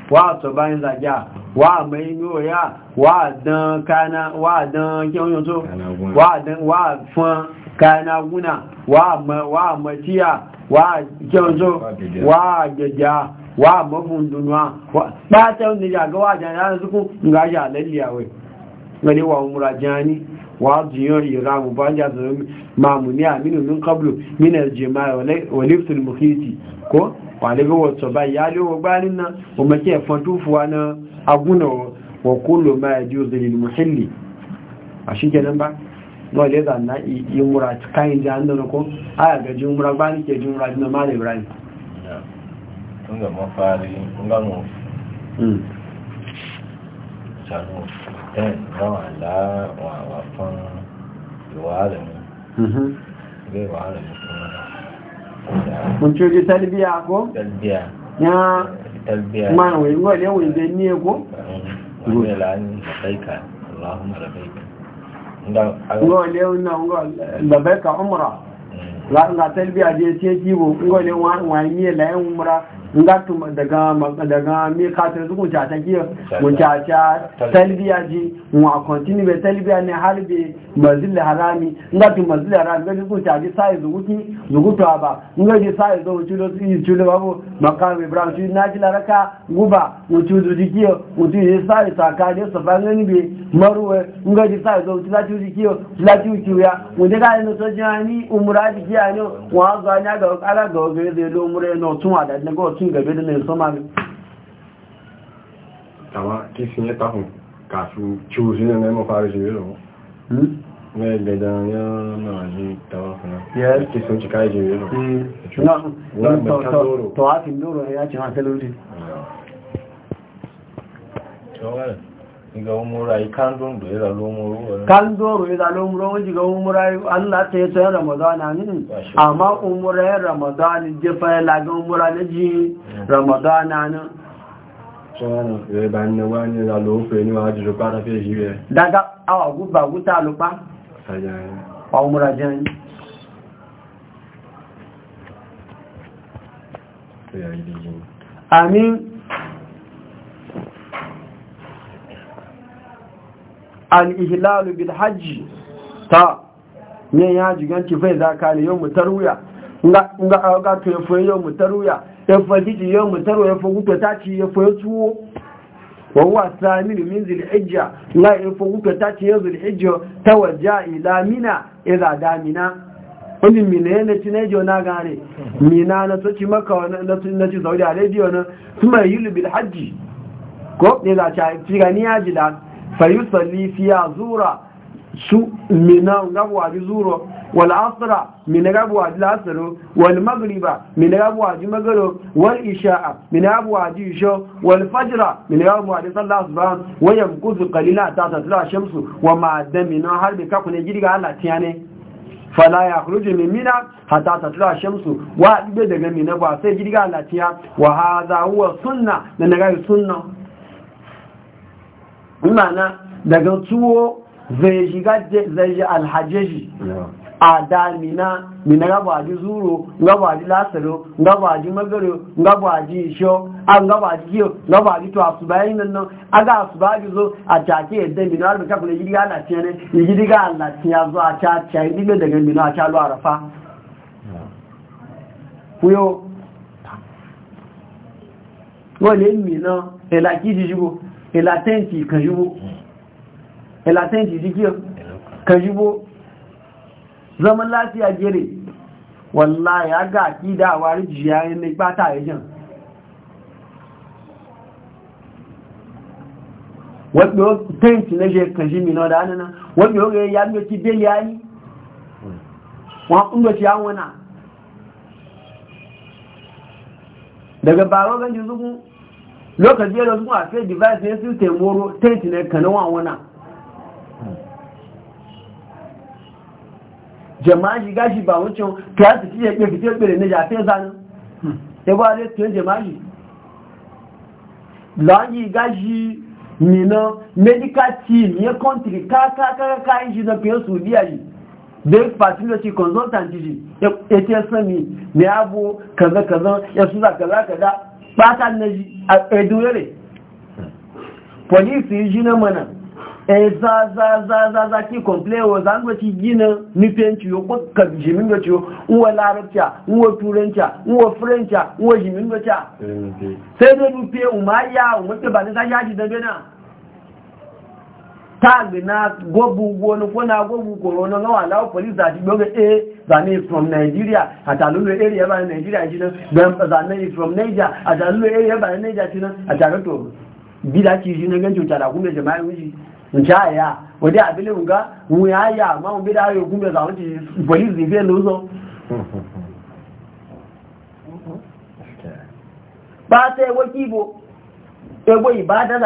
wa wato ban zagya wa mai ya wa dan kana wa dan kyonyo to wa dan wa fun kana guna wa ma wa matiya wa kyonyo wa gaja wa mafin dunuwa ba ta yi ga wa jana da suku ga shi halalliya wai gani wa umura jani wa jiyar iramu ba ja su mamuni aminu min kablu min aljima'i wa liftul mukhiti ko wa daga wasu ba ya lewa gbanin nan wa make fantufuwa na aguna wa kullu ma ya jiyo zalil muhalli a shi kenan ba wale zana yi mura kayan jihannun ko a ga jimura gbani ke jimura jina mara ibrahim unga mafari unga sanu hmm. eh nawa la wa wa mu mhm ge wale mu mun cuji talbiya ko talbiya ya eh, talbiya ma wai ngo le wai ni ko eh, ngo la ni saika allahumma rabbika ngo na ngo labbaika umra eh. la talbiya je ce kibo ngo wa wa ni la umra ngatuma daga daga mi katar su kunca ta giya kunca ta talbiya ji a continue be talbiya ne halbe mazil harami ngatu mazil harami ga kunca ji sai zuguti zugutu aba nga ji sai ci chulo si chulo babo makam ibrahim shi na ji laraka guba mu mutu du dikiyo Mu ji sai ta ka je sa bangani be marwe nga ji sai zo chulo chu dikiyo la chu chu ya wonde ga ne so jani umra dikiya ne wa ga nya ga ala ga ga de lo umre no tun ada ne go kin gabe da ne sama ne ya tafi kasu ciwo ne na fara shi ne da na tawa kai ji na kan umurai kandoro ya zalo umuro wani umurai allah ta yi tsayin ramadana ne amma umurai ramadana jefa ya laga umura na ji ramadana ne sọ́rọ̀ rẹ̀ bá ní wá ní ìlàlò ó fẹ́ níwá jùlọ pàtà fẹ́ yìí rẹ̀ Alihilalu ihlalu bil hajji ta ne ya jiganci fai zaka ne yau mutaruya nga ga ga to fo yau mutaruya ya fo diji yau mutaruya fo ta taci ya fo tuwo wa huwa Saminu min zil hijja la ya fo ta taci ya zil hijja tawajja ila mina idha damina wani mina ne ci ne jona gane, mina na to ci maka na ci saudi arabia na kuma yulu bil hajji ko ne za ta ci ga ni ya jidan fayusalli fiya zura su mina gabuwa ji zuro wal asra mina gabuwa ji lasaro wal magriba mina gabuwa ji magaro wal isha'a mina gabuwa ji isho wal fajra mina gabuwa ji sallah asuba wa yamkuzu qalila ta tatla shamsu wa ma damina har bi kakune girga Allah tiyane fala ya kuruji min mina hatta ta shamsu wa ɗibe daga mina ba sai girga Allah tiya wa haza huwa sunna na nagari sunna imana daga tuwo zai shiga alhajjaji a damina mina gabaji zuro gabaji lasaro gabaji magaro gabaji isho an gabaji kiyo gabaji to asu bayan nan nan aga asu baji zo a take yadda mino har baka kula gidiga na tiya ne gidiga Allah tiya zo a ta ta yi dibe daga mino a calo lo arafa kuyo wọ́n lè mìíràn ẹ̀là ìlàtẹ́ǹtì ìlàtẹ́ǹtì zaman lafiya gere wallahi ya ga akida wa rijiya ne mai bata yajan wadda tenti na je kanji mi na da anana wadda yau ya nwe ti wa daga baro ganji lokaci yana zuwa sai device ne sun taimoro tent ne kanawa wana jama'a shiga shi ba wucin ta su ciye ke fitar bere na jafe zanen ya ba zai tuyen jama'a shi lanyi gashi nina medical team ya country ka ka ka ka yi shi na fiye su biya yi dai facility consultant ji ya ce sami na yabo kaza kaza ya su za kaza kaza bata na edurere polisi yi jina mana e za za za za za ki komple wa za ngwa ci gina nufin ciyo ko ka jimin da ciyo uwa e, larabcia uwa e, turancia uwa e, francia uwa jimin da cia sai da nufe umariya umarta ba na ta yaji da bena tag na gobu ugbo nukwu na gobu kwuru ọnụ gawa ala polis adịgbo gbogbo a eh, zane from nigeria atalulu eri ebe anyị nigeria jina zane from niger atalulu eri ebe anyị niger jina ataloto bida ci jina ganci utara kuma jama'i wuji nke aya wadda abili nga nwunye aya ma nwunye da ayo kuma zawon ci polis ne fiye n'ụzọ ba egwe egwe ibada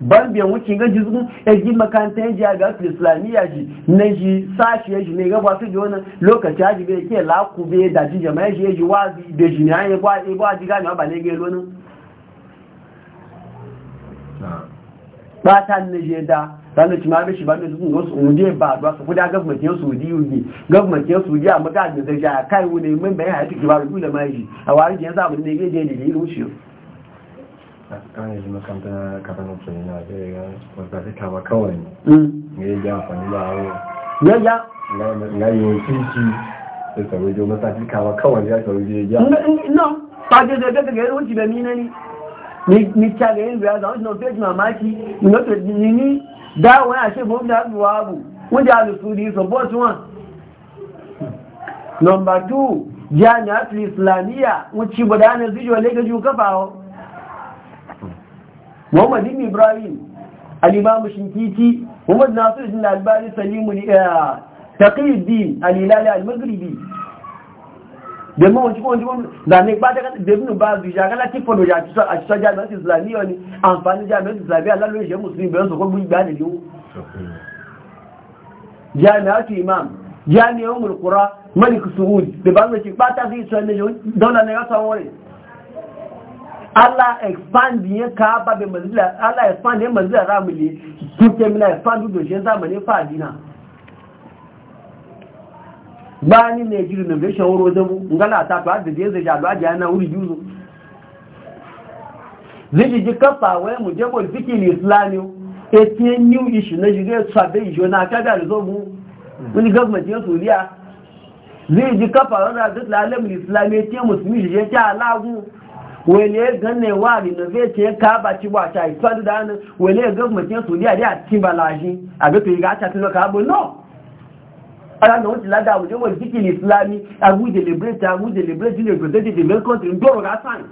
barbiyan wuce ga jizgun ya ji makaranta ya ji a gafi islamiyya ji na ji sashi ji ne gaba su ji wani lokaci ya ji bai ke laku bai da ji jama'a ji ya ji wazi da ji ne ya ba a ji gani ba ne ga lona bata ne je da ranar cima bai shi ba ne sun wasu unje ba ba su kuda gafmatin yan sudi yugi gafmatin sudi a magajin da ja kai wune min bayan haifi kibaru da ma ji a wari jiyan zamu ne ga je ne da yi shi kan yanzu makamta kafanin tsorina zai ga wata fita kawai ne ya ja amfani ba hau yayya na yi wakilci da saurajo masafi kawa kawai ya sauraje ya no ba ke zai gaga ga yawanci da nina ne ni ta ga yin biya zama suna fiye mamaki ina to nini da wani ashe ba wanda abu abu wanda alusu ne so one number two ya ni islamiyya wuce gudanar zuwa lagos kafawa muhammad ibn ibrahim al-imam shinkiti muhammad nasir ibn al-albani salimu taqiyuddin al-hilali al-maghribi da ma wọ́n tí wọ́n tí wọ́n dà ní pàtàkì dẹ̀bùnù bá zù ìjà imam malik suud da ba Allah expand yin ka ba be manzila Allah expand yin manzila ramuli kuke mina expand do je zamani fa ba ni ne jiru na vesha woro zamu ngala ta ba da je zai jalwa na wuri juzo zai ji kafa wai mu je bol fikil islami e new issue na jige sabe jo na ka ga zo mu wani government ya suriya zai ji kafa wani da alamin islami ya musulmi je ta alagu wele ganne wa renovate ya kaba ci ba ta ifan da nan wele government ya so dia dia ti balaji abi to ga ta tilo ka bo no ala no ti lada wo je wo islami abu deliberate abu deliberate le go de de le country ndoro ga san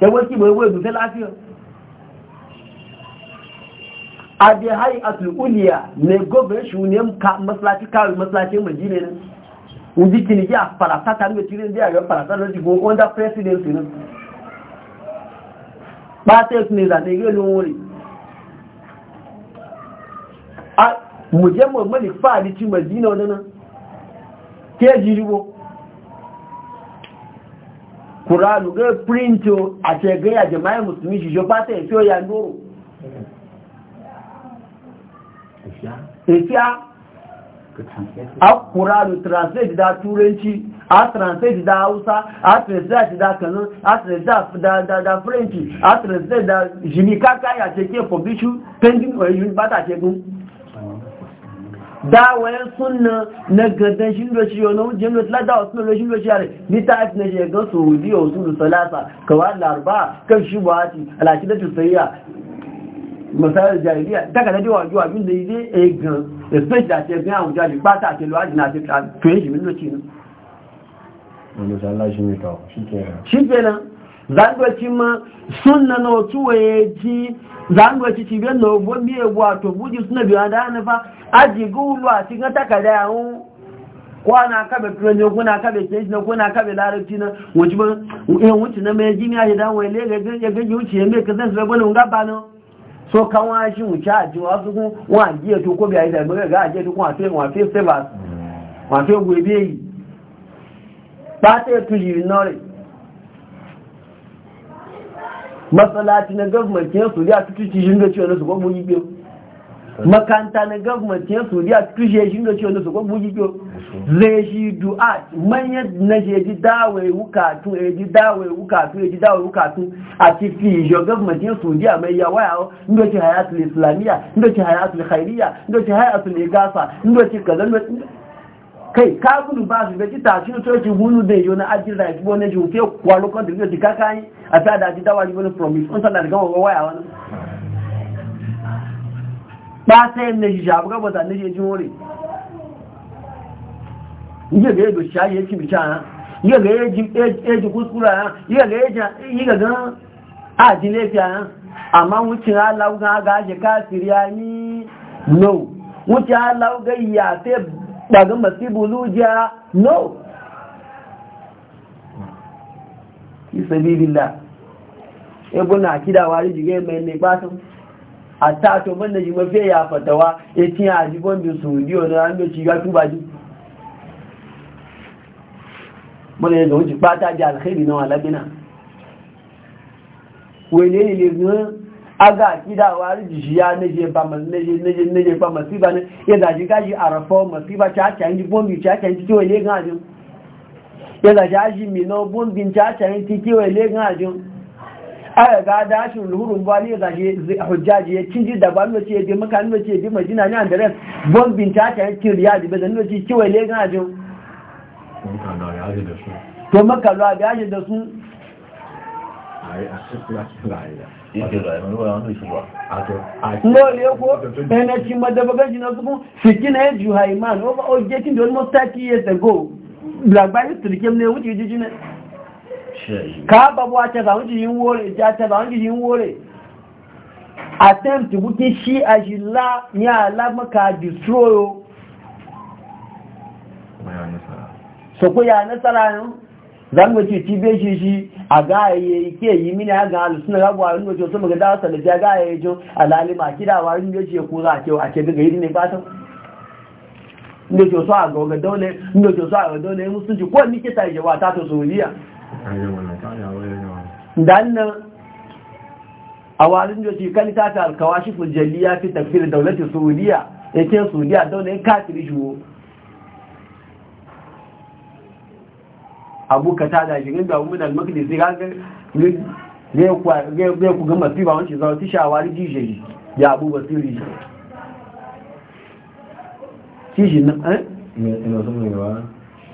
e wo ti mo wo du fe lafi o abi hay ne gobe shuniyam ka maslaki ka maslaki madina ne uji kiniki a farata tare da cikin jiya ga farata da jigo wanda president ne ba ta yi ne zaɗe yi olin wuri a mujamman malik fa'adi ci mazina wani nan ke jirigo kuralu ga printo a ce gaya jama'in musulmi shi jo ba ta yi fiye ya noro efiya a ƙuranu translate da turanci a translate da hausa a translate da kanon a translate da french a translate da jimika kaya ce ke publishu pending or yin bata ce gun dawayen suna na gadon shi da ciyo na wujin da tilada suna na rashin da shiyar littafi na shegar saudiya wasu da salasa kawai larba kan shi buhati alashi da tusayya mọ̀sáyẹ̀ jàìríà dákàlẹ́dẹ́ wà yóò àbílẹ̀ ilé ẹgbẹ̀n especially àti ẹgbẹ̀ àwọn jàìrí pátá àti lọ àjìnà àti fèèjì mílò tí ṣíkẹ̀ẹ́nà zangoci ma suna na otu waye ji zangoci ti bẹ́ na ogbo bí egwu àtògbújì suna bí wọn dáa nífa ajìgú ulọ àti gan takàdá àwọn kwana akabe turanci kuna akabe na kuna akabe larabci na wuce ba yan wuce na mai jini a shi dan wai lega ya gaji wuce ya mai kasan su ngaba na so kan wá ṣí ìwùn ṣáàjú wọ́n tún wọ́n àjíyẹ̀ tó kó bí i àìsàn ìgbẹ́gẹ̀ kún àti wọ́n àfẹ́ sẹ́bàs wọ́n àfẹ́ wo ebí èyí pàtẹ́ tó yìí náà rẹ̀ na gọ́ọ̀mẹ̀ntì yẹn sórí àtútù ti yìí ń lọ́tí makanta na gwamnati ya suriya tushe shi ga cewa su kwamfu jikiyo zai shi du'a manyan na shi ji dawai wukatu ya ji dawai wukatu ya ji dawai wukatu a cikin fi shi gwamnati ya suriya mai yawa yawo inda ce hayatul islamiyya inda ce hayatul khairiyya inda ce hayatul igasa inda ce kaza kai ka gudu ba su gaji ta shi to ki hunu da yona ajin da ki bone ji fe kwalo kan da ki kakai a ta da ji dawai wani promise on ta da ga waya wani ba sai ne shi shafi gaba da nake jin wore yiga ga yadda shayi ya ci bica yiga ga yaji kuskura yiga ga yaji ga a ji lafiya amma wucin Allah ga ga je kafiri ya ni no wucin Allah ga ya sai daga masibu lujiya no fi sabilillah ebona kidawa rijige mai ne basun Ata to man da jima fe ya fatawa ya tin a jibon da su diyo na an doci ya tuba ji mana ya zauji ba ta alkhairi na walabina wele ne ne aga akida wa riji ya naje ba naje naje naje ba masiba ne ya zaji gaji arafa masiba ta ta yi bombi ta ta yi wele gajin ya zaji aji mi no ta ta yi wele gajin aya ga dashin luhurun bali ya zaje hujjaji ya cinji da ba nuna ce bi maka nuna ce bi majina ne andare bombin ta ta yankin riyadi ba nuna ce kiwai le ga jin to maka lo ga ajin da su Ngo le ko ene eh, ti madaba ganji na su fikina ya juhaiman over ne, getting almost 30 years ago black by history kem ne káàbà bó àtẹ́bàwọn jì yín wó rẹ̀ àtẹ́bàwọn jì yín wó rẹ̀ attempt bú maka a àṣìlá ní alágbọ́ka dìstró sọ̀kó yà nẹ́sára yìí zangoci ti bẹ́ ṣe ṣi ike yi mini aga alùsùn àgbà àwọn ìgbòjò tó mọ̀gá dáwọ́ sàlẹ̀ jẹ́ àgáyẹ jọ alálìmọ̀ àkídà àwọn ìgbòjì ẹkùn rà àti ẹgbẹ̀gbẹ̀ yìí ní bátán ìgbòjò sọ àgbà ọ̀gẹ̀dọ́lẹ̀ ìgbòjò sọ àgbà ọ̀gẹ̀dọ́lẹ̀ mú dannan a warin joci kalita ta alkawashi ya fi tafiyar daulatin saudiya ya ce saudiya daunayin katiri shigo abuka ta da shirin da umar al zai ku gama fi ba wancin zama ya abu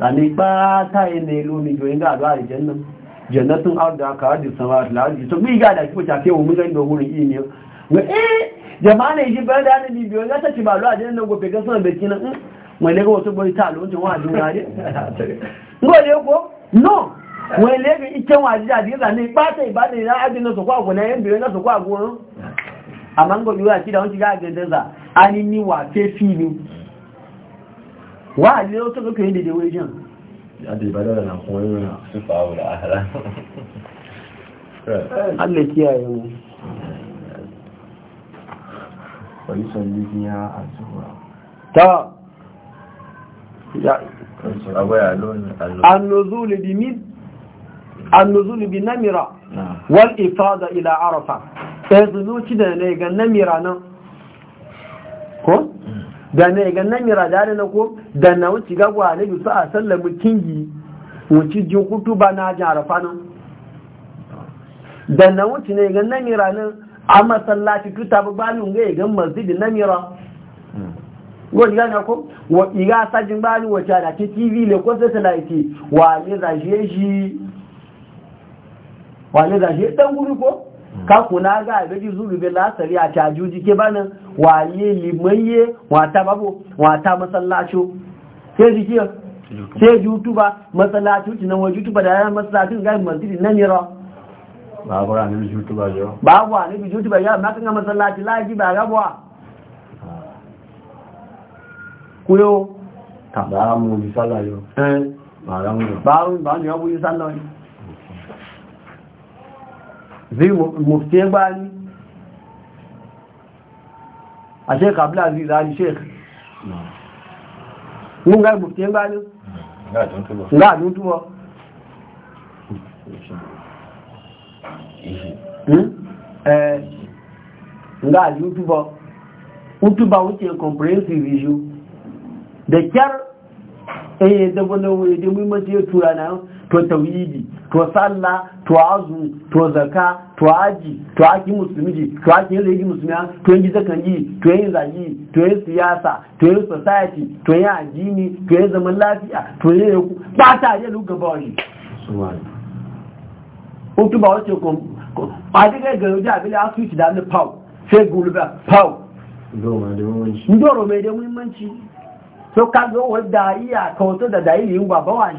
zane ɓata yi na ilo mi joyin da a jannan jannatin da aka ardi sama da lardi to mi ga da kuma tafiya wa mugan da wurin ini ga eh jama'a ne shi bayan da ana bibiyo ya tafi ba a jannan gobe ga sanar hmm. da kinan wani lega wasu ta wa no na su kwa gona yan biyo na su kwa gona amma ngobe wa da wani shiga a gandanza an ni wa fe Wa á lé ó tó lókè ní dédé wéjì láti ìbádọ́rẹ̀ náà fún orí náà sífà àwòrán àhàrá a lè kí ààrẹ wọn pẹ̀lú sọ̀lú ní àjúwà tọ́ annuzuli bi namira wal ifada ila arafa ɗaya zunuci ga namira nan ko? da na ga nan mira da na ko da na wuce ga gwa ne su a sallama kingi wuce ji kutu ba na ji arafa nan da na wuce ne ga nan mira nan a masallaci tuta ba ba nun ga ga masjid na mira go diga na ko wa iga sajin ba ni wace da ke tv le ko satellite wa ne zaje shi wa ne zaje dan guri ko kaku na ga gaji zuru bi lasari a cajuji ke banin waye limaye wata babu wata masallacho sai jiki sai jutuba masallacho kinan wa jutuba da yana masallacin ga masjidi na mira babu ra ne jutuba yo babu ra ne jutuba ya ma kan masallaci laji ba rabuwa ba eh. ba zai mufti gbani a sheik abdulaziz zai sheik yin gai mufti gbani ga tuntuwa ga tuntuwa utuba wuce comprehensive issue da kyar eh da wani wani da muhimmanci ya tura na yau to tauhidi to sallah to azu to zaka to aji to aki musulmi to aki yin zai musulmi to yin zakan yi to yin zagi to yin siyasa to yin society to yin addini to yin zaman lafiya to yin yaku ba ta yi lu gaba wani o tu ba o ce ko a ti kai gari ojú abili a switch da ni pau sai gulubar pau ndoro mai da muhimmanci so ka zo wadda iya ka wato da dalili yin ba bawa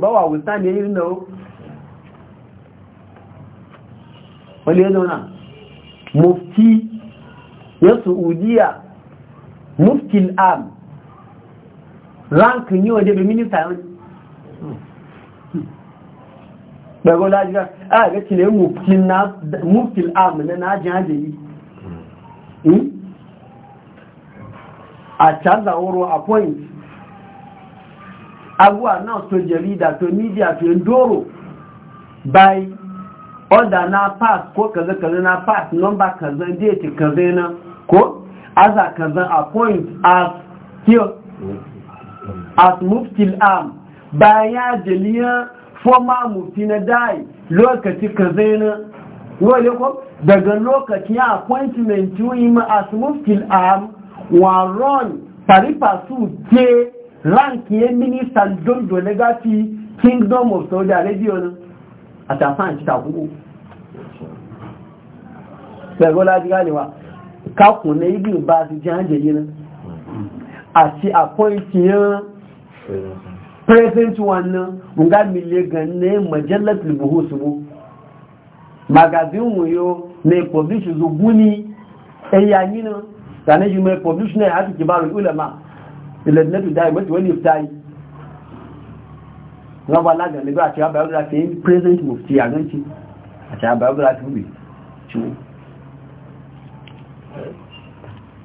bawa wuta ne irin da wani ya zauna mufti ya saudiya muftin am rankin yi waje da minista yawon daga lajiya a ga cile muftin am na na jihajiri A àtàzà oró appoint abuwa náà tó jarida to media to ndoro by order na pass ko kaza kaza na pass number kaza date kaza na ko aza kaza appoint as kiyo as muftil am baya jaliya former mufti na dai lokaci kaza na wale ko daga lokaci appointment yi ma as muftil am wọ́n run su je ránkì ya mínísítà dondo lẹ́gàtí kingdom of saudi arabia náà àtàfà àtìta kúrò pẹ̀lú lájíká níwá kákùn ní ibi ìbá ti jẹ́ àjẹyẹ náà àti àpọ́ìtìyàn present one nga mile gan ní majalat buhusubu magazin wuyo na publish zugu ni ẹ̀yà sane yi mai publishner ya ake kibarun ulama ilanadu da imatu wani iftayi raba lagar da a cewa biography yin present mufti a ganci a cewa biography ne ciwo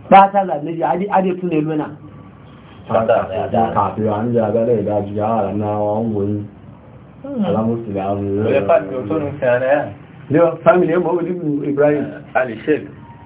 ba ta zaɓe hmm. ya adi adi tun ne luna kafin wani zaɓe da ya daji ya hara na wawon goyi alamusu da amuru ya ya ibrahim ali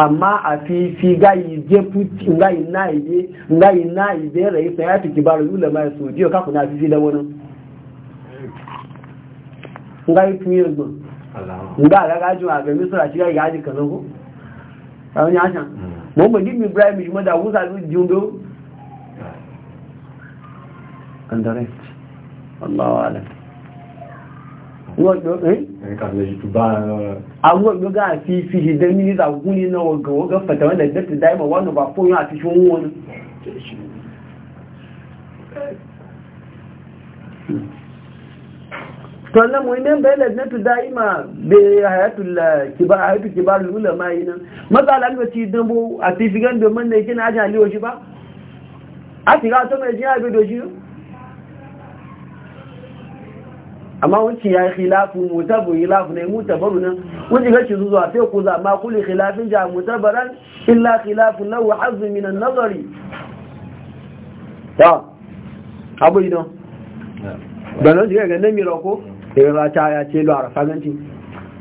amma a fi fi gayi je puti gayi na ide gayi na ide rai sai ya tiki baro yula mai su, dio ka kuna fi fi da wani gayi tun yi gbon nga ga gaju a ga misra shi gayi gaji kazan ko a wani ashan hmm. mo mo gidi ibrahim shi mada wusa lu jundo and the rest Allah Eh? àwọn ìgbógá àti ìfìdìdẹ́ mínísà gún nínú ọgbọ̀n ọgbọ̀n fẹ̀tẹ̀wọ́n lẹ́gbẹ́ ti dáìmọ̀ wọ́n nọ̀bà fóyún àti ṣun wọn tọ́lá mọ̀ iná bẹ̀rẹ̀ lẹ́gbẹ́ ti dáìmọ̀ bẹ̀rẹ̀ àyàtù kìbá lúlẹ̀ máa iná mọ́tàlá bi amma wuce ya yi khilafin mutabu khilafu ne mutabaru nan wuce gashi zuwa sai ku za ma kuli khilafin ja mutabaran illa khilafin lau hazzu min an-nazari ta abu don banan jiga ga na miro ko da ya ta ya ce lo rasa ganci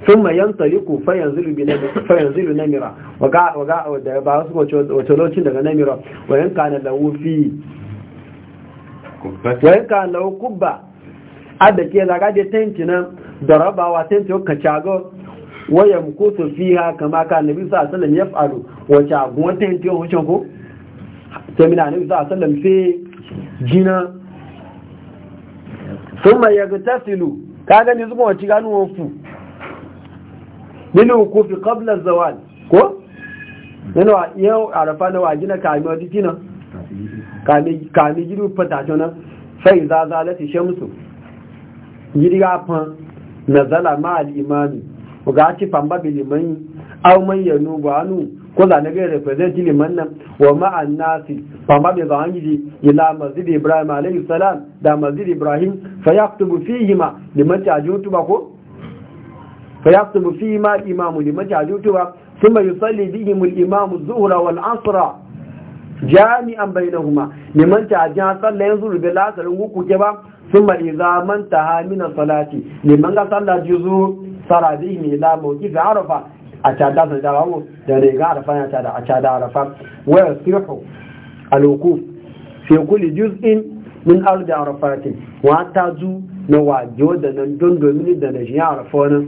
sun yantaliqu fa yanzilu bi nabi fa yanzilu namira da ba wasu ko lokacin daga namira wa ka na lahu fi ka na lau kubba ada ke zaga je tenti nan da rabawa tenti ka cago wayan kutu fiha kama ka nabi sa sallam ya faru wace agun tenti wancan ko tamina nabi sa sallam fi jina thumma yagtasilu kaga ni zuwa ci ganu wofu ninu kufi qabla zawal ko na nínú ka àrẹ̀fà náà àjínà Ka ọdí jìnà kàmì jírù pẹ̀tàjọ́ sai za za lati shamsu. girga fan nazala ma al'imani ga ci famba bi limani aw man yanubu anu ko za na ga represent liman nan wa ma'an nasi famba bi zan yi ila masjid ibrahim alayhi salam da masjid ibrahim fa yaktubu fihi ma liman tajutu ba ko fa yaktubu fihi ma imamu liman tajutu ba thumma yusalli bihim al-imam az-zuhra wal-asra jami'an bainahuma liman tajutu sallan zuri bi lasarin hukuke ba ثم إذا من تها من الصلاة لمن صلى جزو صار بهم إلى موقف عرفة أشاد سنجره دريق عرفة أشاد عرفة ويصيح الوقوف في كل جزء من أرض عرفات وأتازو نواجه دنن دون دومين دنجي عرفونا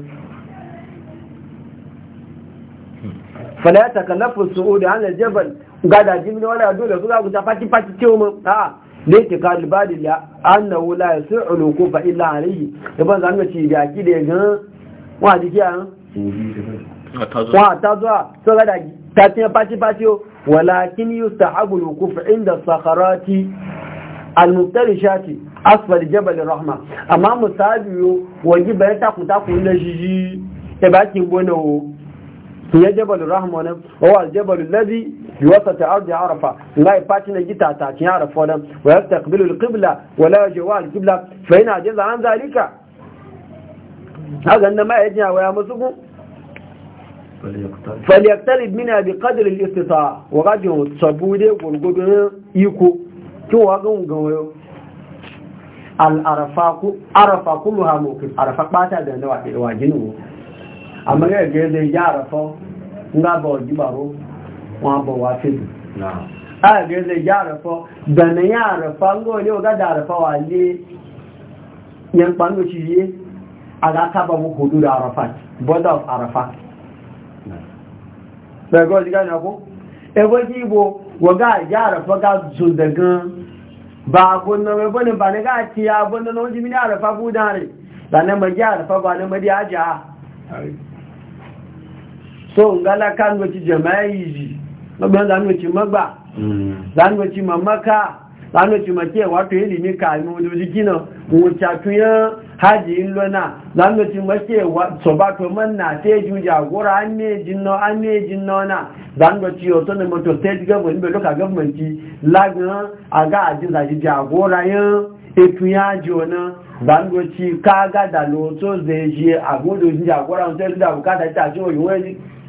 فلا يتكلف السعود عن الجبل قاعد أجيب ولا أدول يقول لك تفاتي فاتي تيوم آه leke kalibali da annahu la yasi'u lukufa illa alayhi iban zan ga ci ga ki da gan wa jiki an wa ta so ga da ta tin pati pati o walakin yustahabu lukufa inda sakharati almuftarishati asfal jabal rahma amma musabiyo wajiba ya takuta kun da shi e ba kin bona o ya jabal rahma nan wa aljabal alladhi fi wasati ardi arafa ngai fati na gita ta cin arafa nan wa yastaqbilu alqibla wa la jawa alqibla fa ina jaza an zalika hagan nan ma yaji wa ya musu falyaktalib mina bi qadr al-istita'a wa gajin sabude gurgudun iko kin wa gan gawayo al arafa ku arafa kulluha mukin arafa bata da wajinuhu àmọ́ ẹ̀gẹ́ lè yá àràfọ́ ńgábọ̀ ìdíbàró wọn bọ̀ wá fèlú ẹ̀gẹ́ lè yá àràfọ́ dànàyà àràfọ́ ńgọ́ ilé ọgádà àràfọ́ wà lé yẹn pàánù ti yé agákábà mú kò dúró àràfà border of àràfà bẹ̀gọ́ ìdígá ní ọkú ẹgbẹ́ tí ibo wọ̀gá àjá àràfọ́ gá zùn dẹ̀gán ba gọ́nà ẹgbẹ́ ni bà ní gáà tí a gọ́nà náà ó jí mí ní àràfà bú dáre lànà mọ̀ jẹ́ àràfà bà ní mọ̀ dí àjá so ngalaka kan wati jama'i ji maban zan wati magba zan mm. wati mamaka zan wato ilimi ka mu doji gina mu chatuya haji lona zan ma ke wa so ba to na te ju jagora an ne jinno an ne na oto ne moto state government be local government ji lagun aga ajin za ji jagora yan etu ya zai je a gudu da ta ji oyin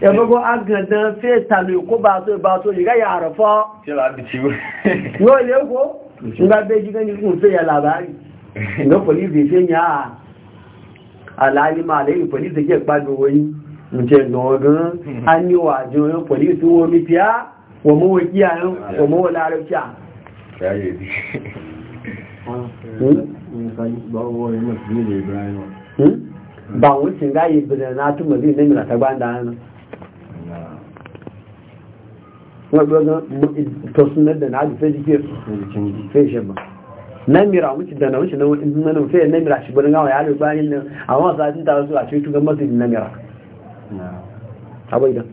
ẹgbogbo agandan fẹ́ tàbí kó bá tó ìbá tó ìgá yà àrọ̀ fọ́ yóò lè kó nígbà bẹ́ jíkẹ́ ní fún fẹ́ yà làbáyì ìgbẹ́ pọ̀lìsì fẹ́ yà aláàlìmà lẹ́yìn pọ̀lìsì jẹ́ pàdé wọ́yí ǹjẹ́ gan-an a ní wà jọ na ta gbanda wadda to da na haji jike fashin ba namira wuce da na wuce na wuce namira shi gudun gawa ya halu bayan nan a wani sa'adin ta su a ce tugan masu namira mira.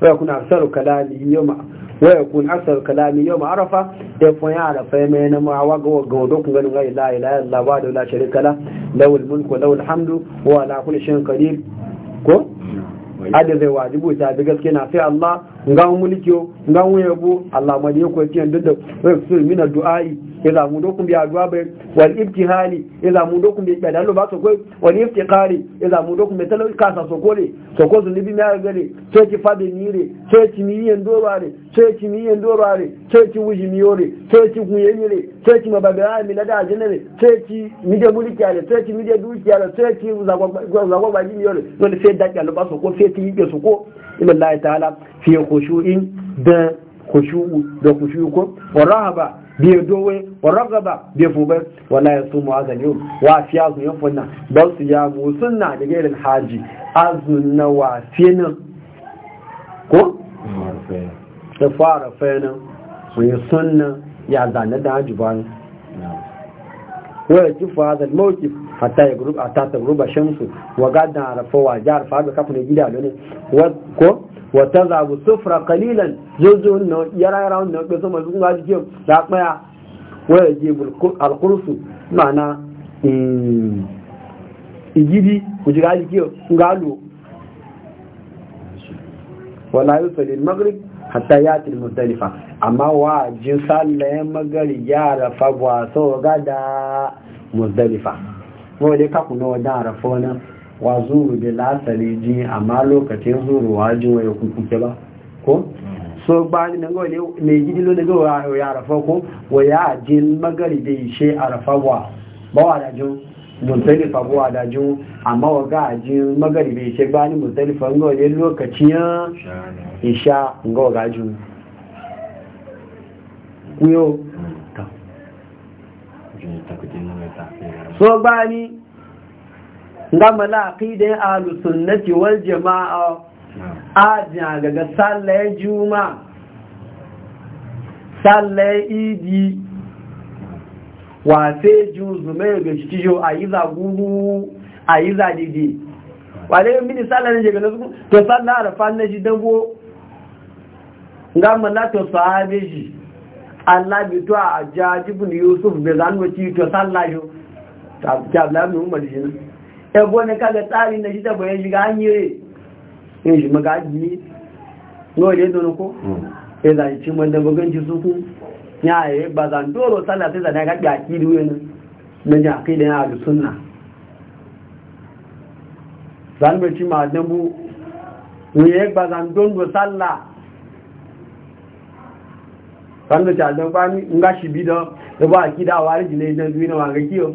da kuna aksaru kalami yau ma waya kun aksaru kalami yau ma arafa ya fun ya arafa ya mai na mawa ga waga wado kun ganin gai la ilaha illa da la sharika lawul mulku lawul hamdu wa ala kulli ko ada zai wajibu ta da gaske na sai Allah ga mulkiyo nga yabo Allah ma da tiyan duk da wai mina du'ai iza mu dokun bi bai wal ibtihali iza mu dokun bi da lo ba so ko wal iftiqari iza mu dokun bi talo ka sa so ko le so ko su libi na gare so ki fa be ni mi yen do mi yen do wuji mi yo re so ki ku mi na da jin re so ki mi de muli ki ale so ki mi de du ale so ki za ko za ko ba ji mi yo re so le fe da lo ba so ko fe ti yi so ko imallahi ta'ala fi khushu'in da khushu'u da khushu'u ko warahaba. biye dowe wa ragaba biye fube wala ya sumu azan yau wa fiya su yan funna don su ya mu sunna da gairin haji azun na wa fiyanin ko? da fara fiyanin su yi sunna ya zane da haji wa ya kifa azan mawuki hatta ya gruba ta ta gruba shamsu wa gadan arafa wa jihar fa ga kafin gida ne ko wata zabu sufra kalilan zozo na yara yara wanda ke sama sun gaji ke ya tsaya waya je alkursu mana igidi eh, ku ji gaji ke galo wala yi salil magrib hatta ya til mutalifa amma wa jin sallayen magari ya rafa ba so gada muzdalifa wanda ka kuna wadda rafa wani wa zuru da lasari ji amma lokacin zuru wa ji waya kuke ba ko so ba ni nan gole ne gidi lo daga wa ya rafa ko wa ya ji magari da ishe arafa wa ba wa da jin mutalifa wa da jin amma wa ga ji magari da ishe ba ni mutalifa lokaci lokacin isha ngo ga jin kuyo hmm. so ba ni gama laƙidin alusunnati wal jama'a ajiya daga sallaye juma sallaye idi wafe juzume ga cikijo a yi zaguru a yi zadidi wale yin mini sallaye ne daga nasu to sallaye da fanna shi dango gama lato sahabe shi Allah bi to a jajibin yusuf bai zanuwa ci to sallaye ta abu ta abu umar shi ne ebo ne kaga tsari na shi tabo ya shiga an yi yin shi maka ajiyi no ne don ko hmm. ya zai ci man da buganci su ku ya yi ba zan doro sallah sai zan ga gaki duwe ne na ji akida ya da sunna zan bai ci ma dan bu ne ba zan don do sallah zan bai ci dan ba ni ngashi bi da ba akida wa rijile na duwe na wa ga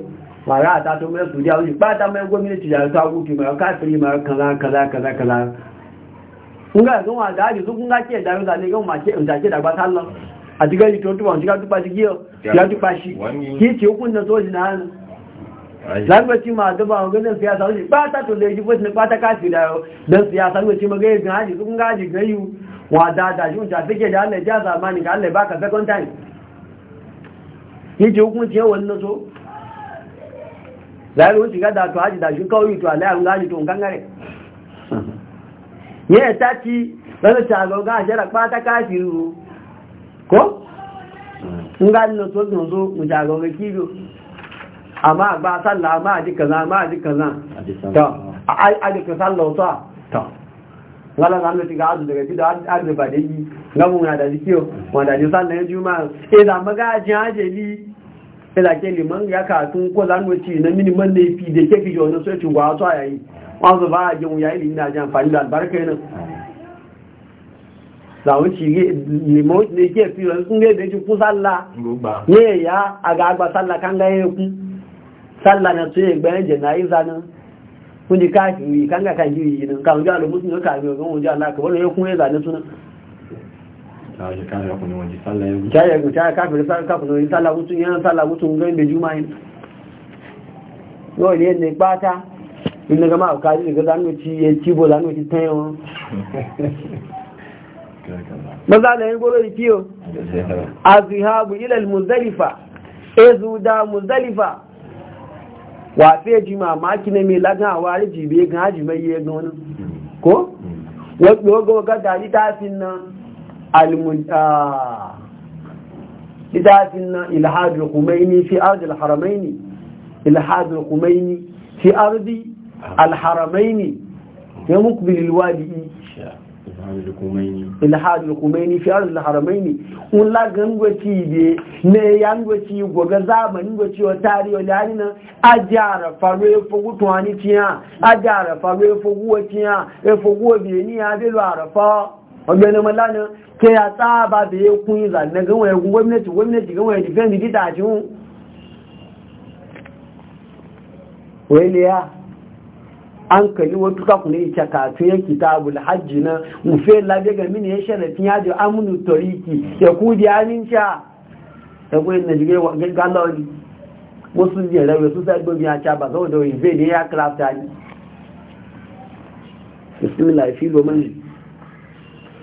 mara a tato mai su jawo shi bata mai gwamnati da ta hutu mai kafiri mai kaza kaza kaza kaza kun ga sun wa da da yi ki na ma siyasa ta to da yau siyasa ma shi da ki zai wuce ga da to haji da shi kawai to Allah ya gaji to gangare ye ta ci dan ta ga ga jara pa ta kafiru ko ngan no to no zo mu ta ga kido amma ba sallah ma ji kaza ma ji kaza to ai ai ka sallah to to wala zan azu daga gida arziba da yi gamu na da zikiyo wanda ji sallah juma'a da maga ji ilake liman ya katun ko lanwaci e na miniman da ya fi da ke fi jonin sai cin gwa a yayi wanzu ba a jin ya ilimi na jan fani da albarka yanin zawuci liman da ke fi wani sun gaida ji ku salla ne ya a agba salla kan ga ya ku salla na tsaye gbayan jana'i zanen kun ji kafin yi kan ga kan yi yi nan kan wuce ya kafin ya kan wuce alaka wani ya kun ya zane sunan yóò lè azihabu ilẹ̀ muzalifa ezuda ma máa kí nẹ́mí lágán ko wọ́n gbogbo gádà rí táàfin náà almunta idafin na ilhadul kumaini fi ardil haramaini ilhadul kumaini fi ardi alharamaini ya mukbil alwadi ilhadul kumaini fi ardil haramaini un la gangwaci be ne yangwaci goga zamanin gwaci wa tariyo lani na ajara faro ya fogu tuwani tiya ajara faro ya fogu wa tiya ya fogu wa biyani ya dilo arafa ọgbẹni mọ́lánà kí a sáàbà bí i kún ìzà na gánwà ẹgbùn gómìnàtì gómìnàtì gánwà ìdífẹ́ndì dídà àti hún wẹ́lẹ̀ ya an kalli wata kakuna ita kafin ya kitabu hajji na mufe labe ga mini ya sharafin yaji aminu toriki e ya kudi kuwa na wasu su gobi ya caba wani zai da ya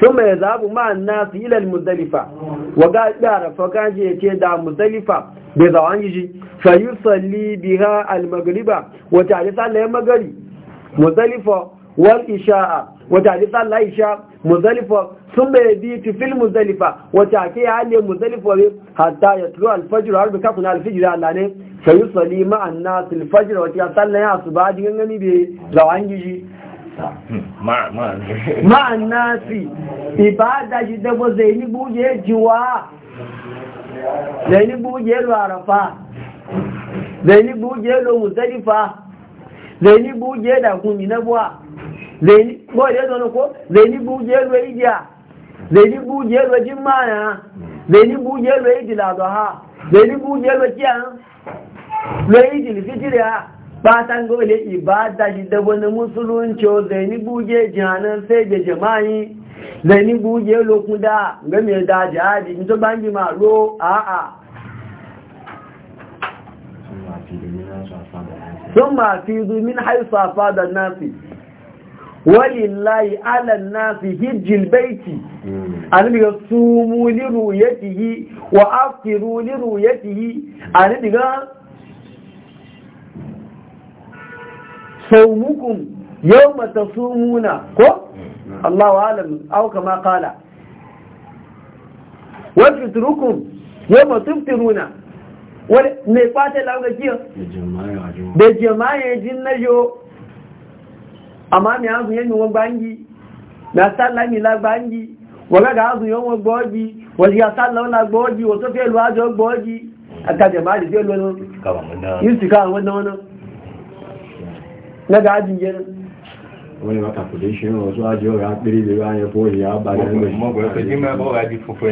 sun mai zaɓi ma'an nasu ilal muzdalifa wa ga ɗara fakanji ya ce da muzdalifa bai zawon yi shi sayi salli biya almagariba wata ta tsalla ya magari muzdalifa wal isha'a wata ta tsalla isha muzdalifa sun mai bi ti fil muzdalifa wata ke ya halle ya turo alfajir har bika kuna alfijir ala ne sayi salli ma'an nasu alfajir wata ya ya su ba jigangami bai zawon yi shi Hmm. ma'an nasi ibada shi dabo zai ni buje jiwa zaini ni buje lo arafa zai ni buje lo musalifa zai ni buje da kunyi na buwa zai ni buje zo ko zai ni buje lo idiya zai ni buje lo jimana zai buje lo idila ha zai ni buje lo kiyan lo idil fitiri ha fatan gole ibada shi da musulunci o zaini buge jihanan sai da jama'i zai ni buge lokuda game da jihadi nito bangi maro a'a sun mafi zumin haifa fadar nafi walillahi ala nasi hijjil baiti hmm. annabi ga sumu li ruyatihi wa Liru li ruyatihi annabi ga saumukum yau mata ko? Allahu wa alam auka ma kala wafi turukun yau mata tuftiruna mai kwata lauga jiya? da jama'a jin na yo amma mai hazu yanyi wa bangi na sallami la bangi waga ga hazu yawon gbogi wasu ya sallon la gbogi wasu fiye luwa jo gbogi aka jama'a da fiye luwa yusuf kawai wannan wannan na gajin yana wani ba calculation wasu ajiyo ya kiri da ya ko ya ba ne mo go se jima ba wa di fufu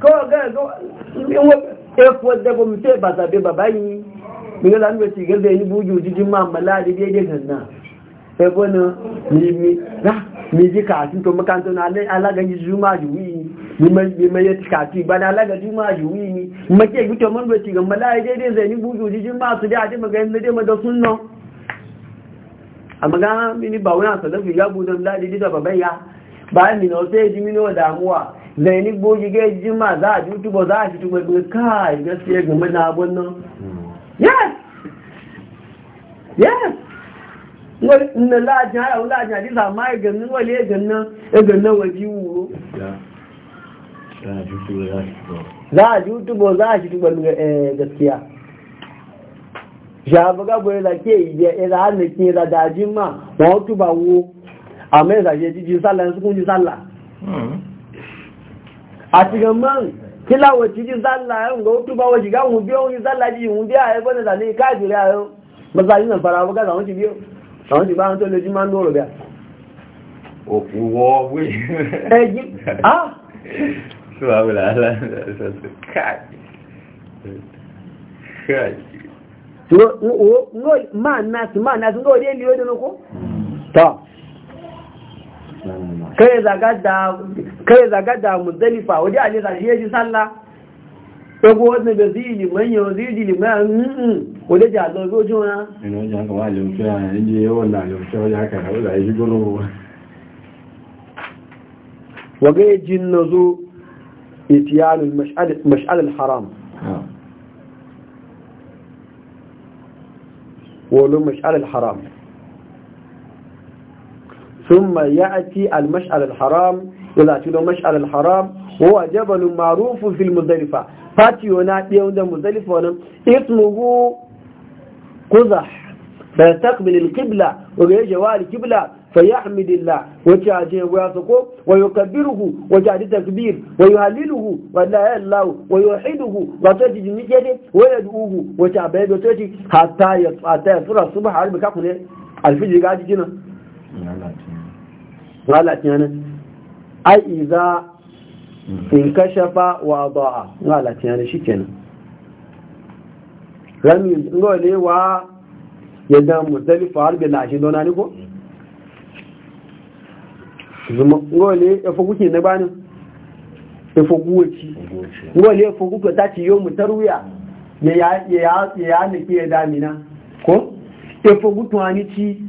ko ga go in wa e fo da go mte ba za be yi buju jijin ma mala da e e na mi ji ka tin to makanto na le ji juma ma mi ma yati ka ba na juma ni ma ke gutu man ga mala zai ni buju jijin ma su da magana ma da sunno amma ga mini ba wani fi ya budon ladi ba bayya ba bayan mina wasu ya ji mini wa damuwa zai ni goji ga ji ma za a jutu ba za a jutu ba ga kai gaskiya game na abun nan yes yes na lajin haya wani lajin sa ma ya ganin wale ya ganin ya ganin waje wuro za a jutu ba za a jutu ba gaskiya ṣàbọ̀gá bọ̀ ìlàkí ìyẹ ìlà alẹ́kí ìlà dájí máa wọ́n túbà wo àmẹ́ ìlàṣẹ́ jíjí sálà ẹ̀sùkún jí sálà àti gẹ̀mọ́rin kí láwọ̀ jíjí sálà ẹ̀hùn ó túbà wọ́n jìgá hùn bí ó ń sálà jí hùn bí ààrẹ gbọ́nà tàbí káàkiri ààrẹ bọ́sá yìí nàfàrà àwọn gáàsà wọ́n ti bí àwọn ti bá wọn tó lójú máa ń lọ́rọ̀ bí òkú wọ́ wé ẹjí ah Káàkiri. ma nasu ma nasu ga wadai liyo da nuku? ta kare zaga da muzdalifa wadai a nesa shi yaji salla ɗago wadda da zili manya zili manya nn mm, mm. wadai ji azọ zo juna ina wajen haka ba alimfi a yanzu yawon na alimfi wajen haka na wadda ya shi gano wagai jin na zo itiyanin mash'alar haram wolin mashalar haram sun mai ya ake almashalar haram yana cikin mashalar haram wa jabalin marufin filmin zarifa fati yana ɗaya wanda muzalifa wani ismuhu kuzah da ta kibla wanda ya jawa kibla Fa ya amin di la wajen aje bua sako wayo kabiru waje aje tasbiri wayo halilu wa lai lau wayo xidhi ga saki jinjiri waya duhu waje a bayar doki haska yadda sura subuhu harbe kakule. ya gaji jina. Ai za in ka shafa wa zo a. Ramin daga wale ne waa yanzan musamman farbe lashe don ariko. zuma ngole efo kuke na bani efo kuwaci ngole efo kuke ta ci yo mutaruya ya ya ya ya ne ke damina ko efo kutu ani ci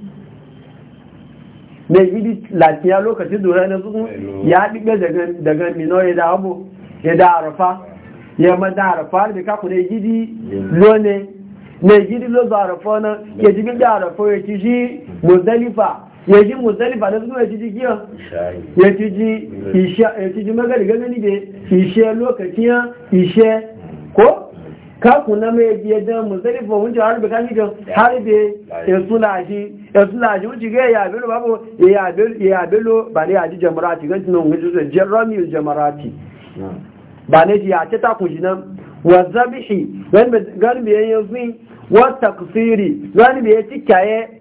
ne yidi latiya lokacin dora na su ya dibe daga daga mino ya da abu ya da arafa ya ma da arafa da ka ku ne yidi lone ne yidi lo da arafa na ke jibi da arafa ya ci shi muzdalifa ya ji ba da zuwa ya ji giya ya ji isha ya ji magari da ishe ya ishe ko ka kuna mai biya da ba wunce har bi kan gidan har bi ya sula shi ya sula shi wuce ga ya belo babu ya belo ya belo ba ne ya ji jamarati ganti nan wuce da jerami jamarati ba ne ya ce ta kunshi nan wa zabihi gani biyan yanzu wa taksiri gani biyan cikaye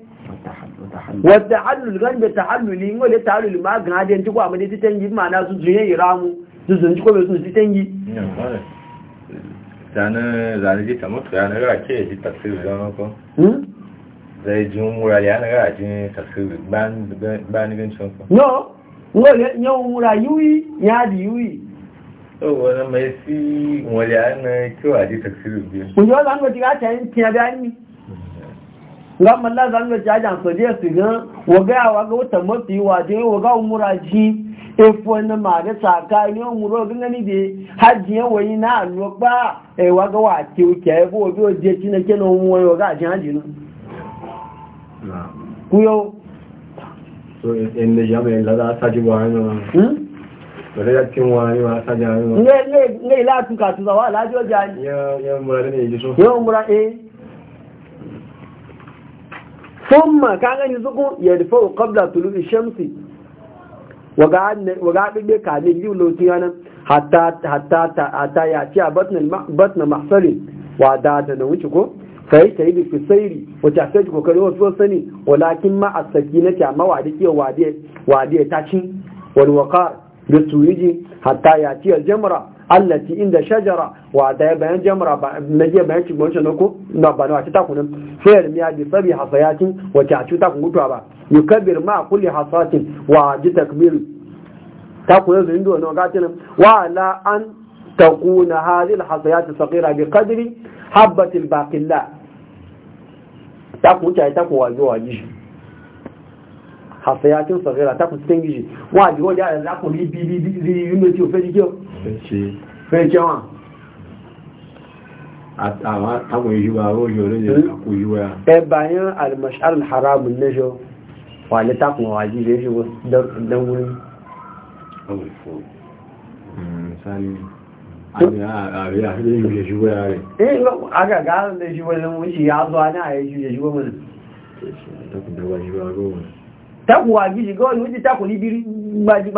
wadda hallul gan da tahalluli in wale tahalluli ma ga hadin tuku amma dai titangi ma na su zuye iramu su ko su titangi zane zane ji ta mutu ya na ga ke ji tafsir da ko zai ji mura ya na ga ji tafsir ban ban gan son ko no mura ya di ga malla zan ga jaja so je su ga waga wa ga wata mafi wa je ji ma ga ka ni umuro ga ngani be haji ya wayi na anu pa e waga wa ti o ke e bo o je ti na ke no mu wa ga jan ji no ku yo so en e, ya jame la da sa ji wa no Bẹ̀rẹ̀ kí wọn ní thumma ka gani zuku yarfa'u qabla tulu'i shamsi wa ga ɗiɗɗe kamin yi lokacin yanar hatta ya ce a batna mahsarin wa da da na wuce ko sai ta yi da fisairi wata ta ji kokari wasu sani walakin ma a saki na ce amma wadi ke wadi ta ci wani waka da turiji hatta ya ce jamra allati inda shajara wa da ya bayan jamra ba na je bayan cikin wancan ko na ba na ta kunun fayar miya bi sabi hasayatin wa ta cuta kun gutuwa ba yukabir ma kulli hasatin wa ji takbir ta zuwa zai ndo na gatin wa la an takuna hadhihi alhasayat saghira bi qadri habbatil baqilla ta kunta ta kuwa waji ji hasayatin sagira ta ku cikin gishi wa ji wani yara za ku bi bi bi yi mai ciwo fai kyau fai kyawa àtàwọn àwọn ìyíwá oróyìn olóyìn àkó ìyíwá ẹbàyán yi haramu lẹ́ṣọ́ wà lẹ́tàkùn wà jí lè ṣe dánwúrí ọmọ ìfọ́ takù àjíjì gọ́ọ̀lù ó ti takù ní bírí ó ti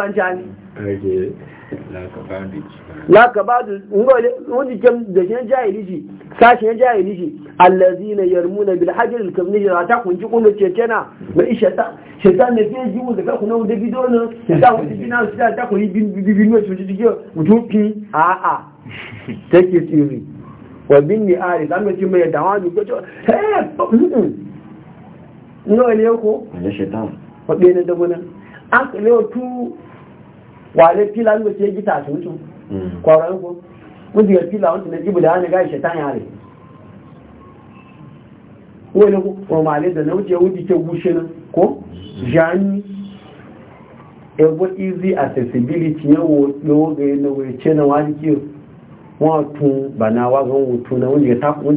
wabe na damunan an kare otu wale fila ngo ce gita su mutu kwaron ko mun fila wanda na jibu da ana ga shaitan yare wani ko ko male da nauce wuce ke gushe nan ko jani ebo easy accessibility ya woga ga yana wace na wani kiyo wọ́n tún bàná wá gan wò tún náà wọ́n jìgà tápù wọ́n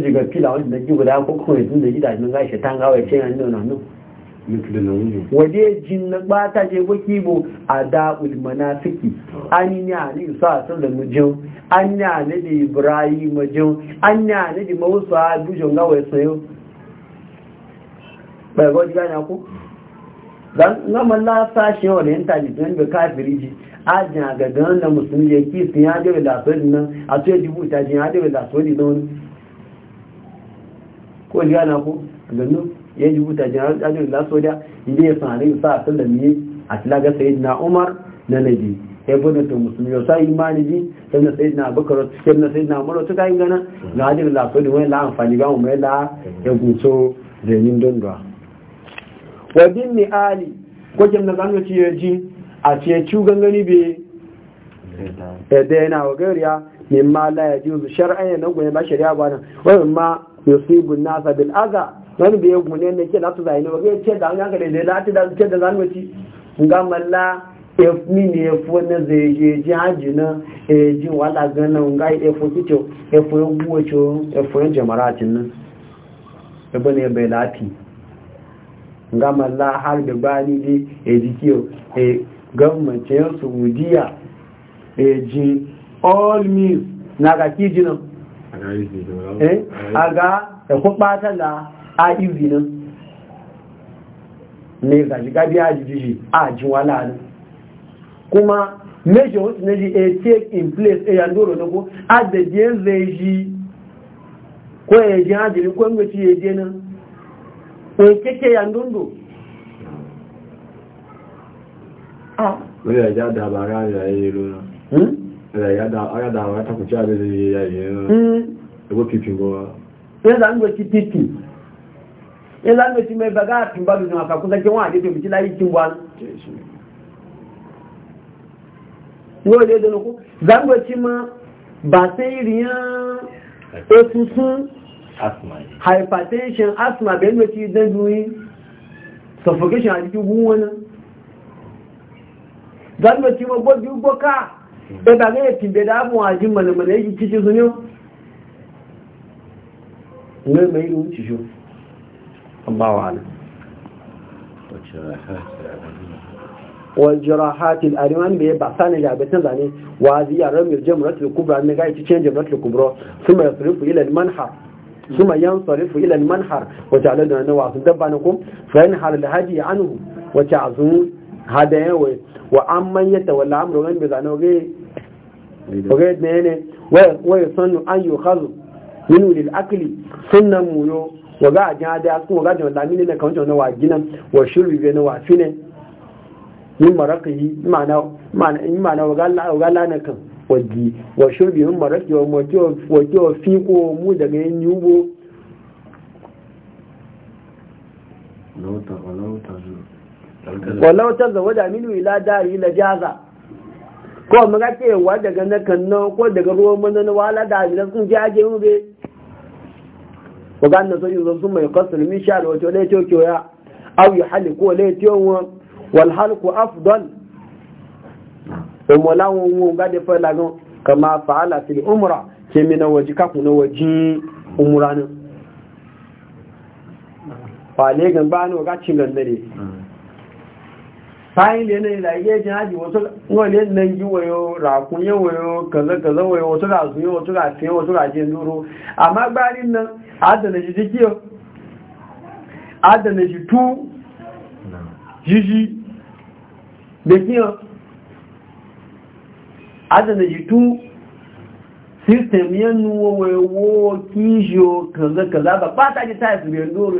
jìgà pílà wọ́n jìgà jígbò dáa kókò ẹ̀dùn lè jìdà ìmúgbà ìṣẹ̀tàngá waje jin na bata je baki bo a manafiki an ya ne sa sun da mujin an ya ne da ibrahim mujin an ya ne da mawusa dujin gawai sayo go gwaji gani ku dan ngama la sashi ne ta ji tun bi kafiri ji ajin agagan na musulmi ya ki sun ya da sodi nan a ce dubu ta jin ya da da sodi don ko ji na ku ganin ya ji buta jiran ajiyar lasoda inda ya sanari sa a sallam ne a tilaga sayid na umar na nabi ya bude ta musulmi ya sa imani ji sai na sayid na bakar sai na sayid na umar to kai gana na ajiyar lasoda wani la amfani ga umar la ya guso zanen dondwa wajen ne ali kwakin kin na zanu ci ya ji a ce ci gangani be da yana wa gariya mimma la ya ji yajuzu shar'an nan goyen ba shari'a ba nan wani ma yusufu nasa bil adha wani bai gune ne ke latu zai ne ba ce da an yanka zai lati da ce da zan wuce ga malla ne wani zai ji haji na e ji wata gana ga ya e fi kito ya fi yin guwace ya fi yin nan ebe bane bai lati ga malla har da bani ne ya ji kiyo ya gammace yin saudiya ji all means na ga kijinan a ga da E e a izinin ne zaji gabi a jijiji a jiwala kuma measure wasu na ji a take in place a yandoro na ko a da jiyan zai ji ko ya ji hajjiri ko ya je nan ko keke yandondo a wani ya ja dabara ya yi rona da ya ta da ya yi rona da ko pipi gowa ya ki pipi ila mai ti mai baga tun ba duniya ka kusa kin wani to miki layi kin wani wo le da ku zango ci ma ba sai riyan esusun asthma hypertension asthma be no ti dan duyi suffocation a cikin wani zango ci ma gbobi gboka da e ba ga yakin da da mu ajin malamai yake cikin su ne ne mai ruwan cikin الله أعلم والجراحات الألمان بيبعثان جابتنا ذاني وهذه الرمي الجمرة الكبرى أنك تشين جمرة الكبرى ثم يصرف إلى المنحر ثم ينصرف إلى المنحر وتعلدنا أنه وعصم دبانكم فينحر الهدي عنه وتعزون هذا يوي وعمن يتولى عمره من بذانه وغير نيني ويصنع أن يخذ منه للأكل سنة ميو wa ga ajin jin hada kuma waga jin lamini na kawancin na waginan wa shirri na wafinin yin maraƙi yi mana waga lanakan wagi wa shirri yin maraƙi wa kewa fiko mu daga yin yubo walautar da wada minu ila dari la jaza ko maga wa daga na kanna ko daga ruwan manana wala da ajiyar sun ji ajiye mu bai وقال نصير ثم يقصر من شعر وتو وتوليتو كويا أو يحلق وليتو والحلق افضل ثم لو ومولا غادي فلاغون كما فعل في العمره كي من وجهك من وجه أمرانا فعليك بانو قد شنغن نريه fayin da yanayi laye jin haji wasu wani nan yi wayo rakun yi wayo kaza kaza wayo wasu ga zuye wasu ga fiye wasu ga jin duro amma gbarin nan adana shi jiki adana shi tu jiji da kiyo adana shi tu system yanu wayo kishiyo kaza kaza ba ba ta ji ta yi su biyan duro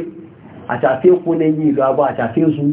a tafe kunan yi gaba a tafe su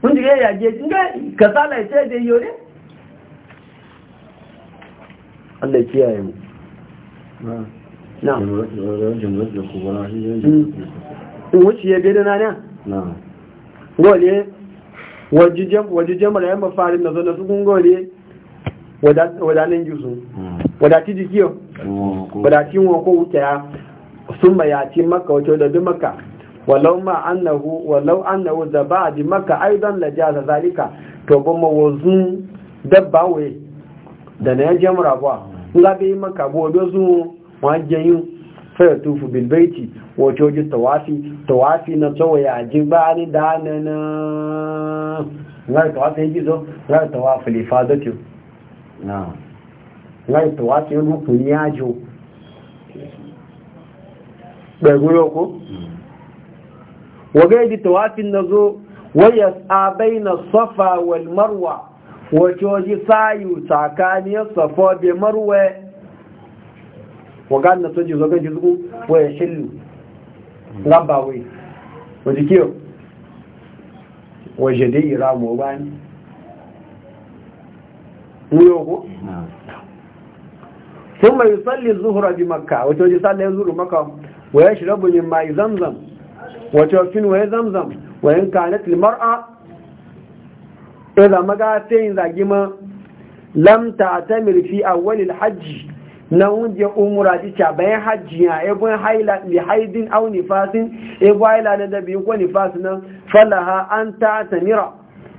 Kun ji ya je inda ka kasala ya sai da yore Allah yi mu na wuce ya gada na nan gole wajijen mara yamma farin na zana sukun gole mm. wadanin gizo wadati jikiyo wadati wọn ko wuce ya sun bayati maka wato da bi maka walau ma annahu walau annahu zaba maka aidan la jaza zalika to goma wazun dabba we da na yaje mura ba nga bi maka bo dozu waje yin fa tufu bil baiti wato ji tawafi tawafi na to ya ba ni da na nga tawafi ji zo nga tawafi lifadatu na nga tawafi rukuni yajo Gbẹ̀gúrò wagai da tawafin na zo waya tsabai na safa wal marwa wace waje sayu tsakaniyar safa bai marwa waga na soji zo ganji zuku waya shillu labawai wajen kiyo waje dai yi ramu ba ne wuyo mai tsalli zuhura bi makka wace waje tsalli zuhura makka mai zamzam wacewacin waye zamzam wayan kanet limar'a idan maga ta yin zagi ma lamta ta mirfi a walil hajji na wunje umura ji ca bayan hajji ya ebon haidin au nifasin ebon haila na dabi ko nifas nan falaha an ta ta mira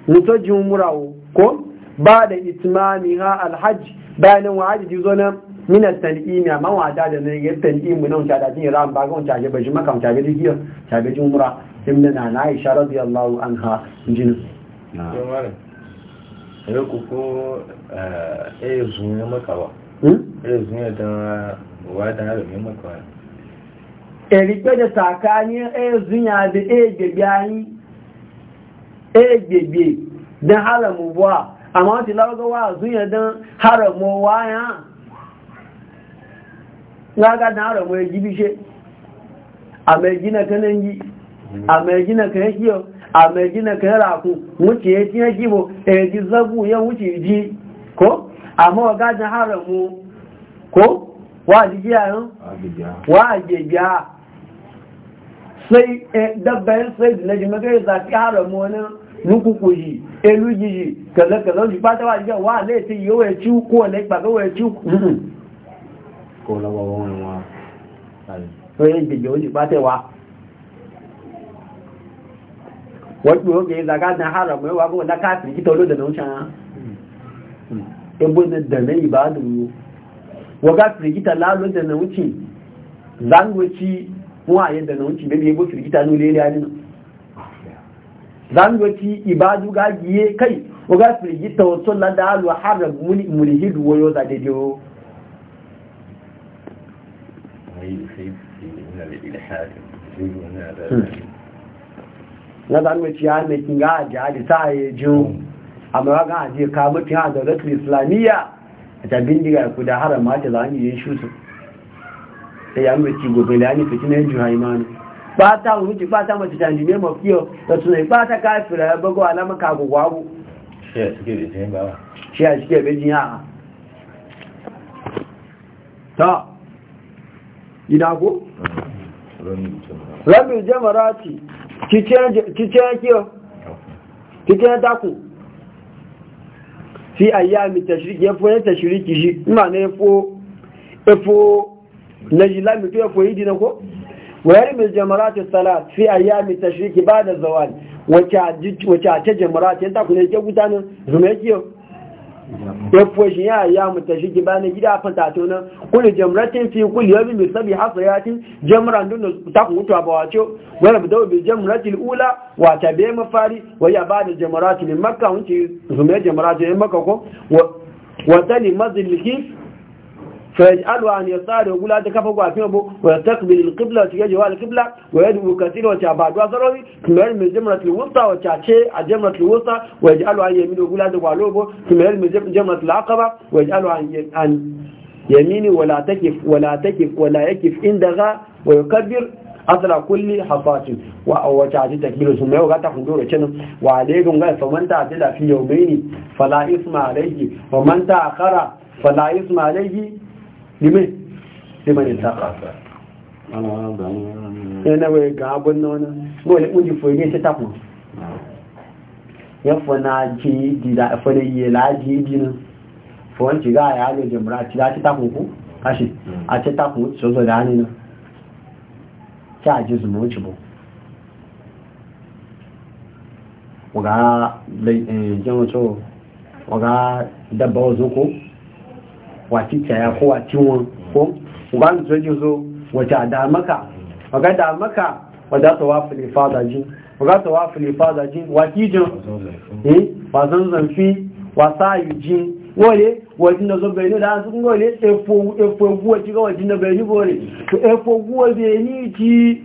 wuto ji umura ko ba da itimami ha alhajji bayanin wa hajji zo nan minan tan'imi amma wada da ne ya tan'imu nan ta da tin ran ba ga wancan ba shi maka wancan ga dikiya ta ga jumra inna na na Aisha radiyallahu anha jin na ne ku ko eh, eh zuwa maka ba hmm? eh zuwa da eh, wa da ne maka ba eh da sakani eh da eh gbegbe eh, dan halamu amma ti ga wa dan haramu ga na haro na gibishe a mai na kanan yi a mai gina kanan kiyo a mai gina kanan raku wuce ya ciye eji a yaji zagu ya wuce ji ko amma wa gajin ko wa a yin wa a sai dabbayin sai da naji magai zafi haro mu wani nukuku yi elu yi yi kaza kaza ji ba ta wa jigiya wa laifin yawai ciwo ko laifin kó lọ́wọ́ wọn wọn tó yẹ ó sì bá tẹ̀ wá wọ́n tí ó gẹ̀ẹ́ zaga na hàrọ̀ mẹ́ wà gọ́ọ̀dá káàkiri kí olóòdà ló ń ṣe án ní ìbádùn wọ́n zangoci wọ́n àyẹ́ dẹ̀nà kai wọ́n káàkiri kíta ọ̀tọ́ ládàá lọ hàrọ̀ múlì múlì hìdù wọ́yọ́ na zan mace ya mai kinga a jihadi ta yi jin amma wakan ajiye ka mutu ya da rasu islamiyya a tabin diga ku da haram mata za ni yin shusu sai ya mace gobe da yani fitina yin juha imanu ba ta wuce ba ta mace canji mai mafiyo da suna ba ta kafira ya bago alama kago gwago shi a suke bai ba ta gida ko rabin jamarati kicciyar kiyo kicciyar taku fi ayyami tashiriki ya foye tashiriki shi ma na efo na jilami to efo yi dina ko wayar mai jamarati salat fi ayyami tashiriki ba da zawani wacce a ce jamarati ya ku ne ke gudanar zuma ya kiyo ya fushi ya ya muta shi ki na gida fata to nan kullu jamratin fi kulli yawmin bi sabi hasayatin jamran dun ta ku mutu ba wace wala bi dawu bi jamratil ula wa tabe mafari wa ya ba bada jamratin makka wunci zume jamratin makka ko wa tani فيجعل عن يساره يقول هذا كفى وعفينه ويستقبل القبلة وتجيه على القبلة ويدعو كثيرا وتعباد وزروي كمهل من جمرة الوسطى وتعشي الجمرة الوسطى ويجعل عن يمينه يقول هذا وعلوبه كمهل من جمرة العقبة ويجعل عن يمينه ولا تكف ولا تكف ولا يكف عندها ويكبر asala kulli hafatin wa wace a cikin takbiru sun yau gata hudu da cinin wa alaikun gai fa manta a tila fi yau bai ne fala isma alaihi wa manta a kara fala isma alaihi lime lima ne taka yana wai ga abin na wani wani kunji foye ta taku ya fana jeji da fana yi la jeji nan fawon ci ga ya lo jimra ci da ci taku ku kashi a ci taku sozo da hannu nan ci a ji zuma wuce bu waga jama'a waga dabba wazo ko wati caya ko wati won ko ugan so ji so wata da maka waga da maka wada tawafu li fadaji wa tawafu li fadaji wati jin eh ba zan zan fi wa wasa yujin wole wajen da zobe ne da an sun gole efo guwa ci ga wajen da bai ni bore to efo guwa bai ni ci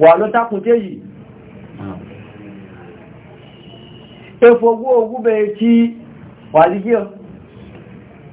wàlọ́ te yi efo guwa ogúbẹ̀ ci wa ní kí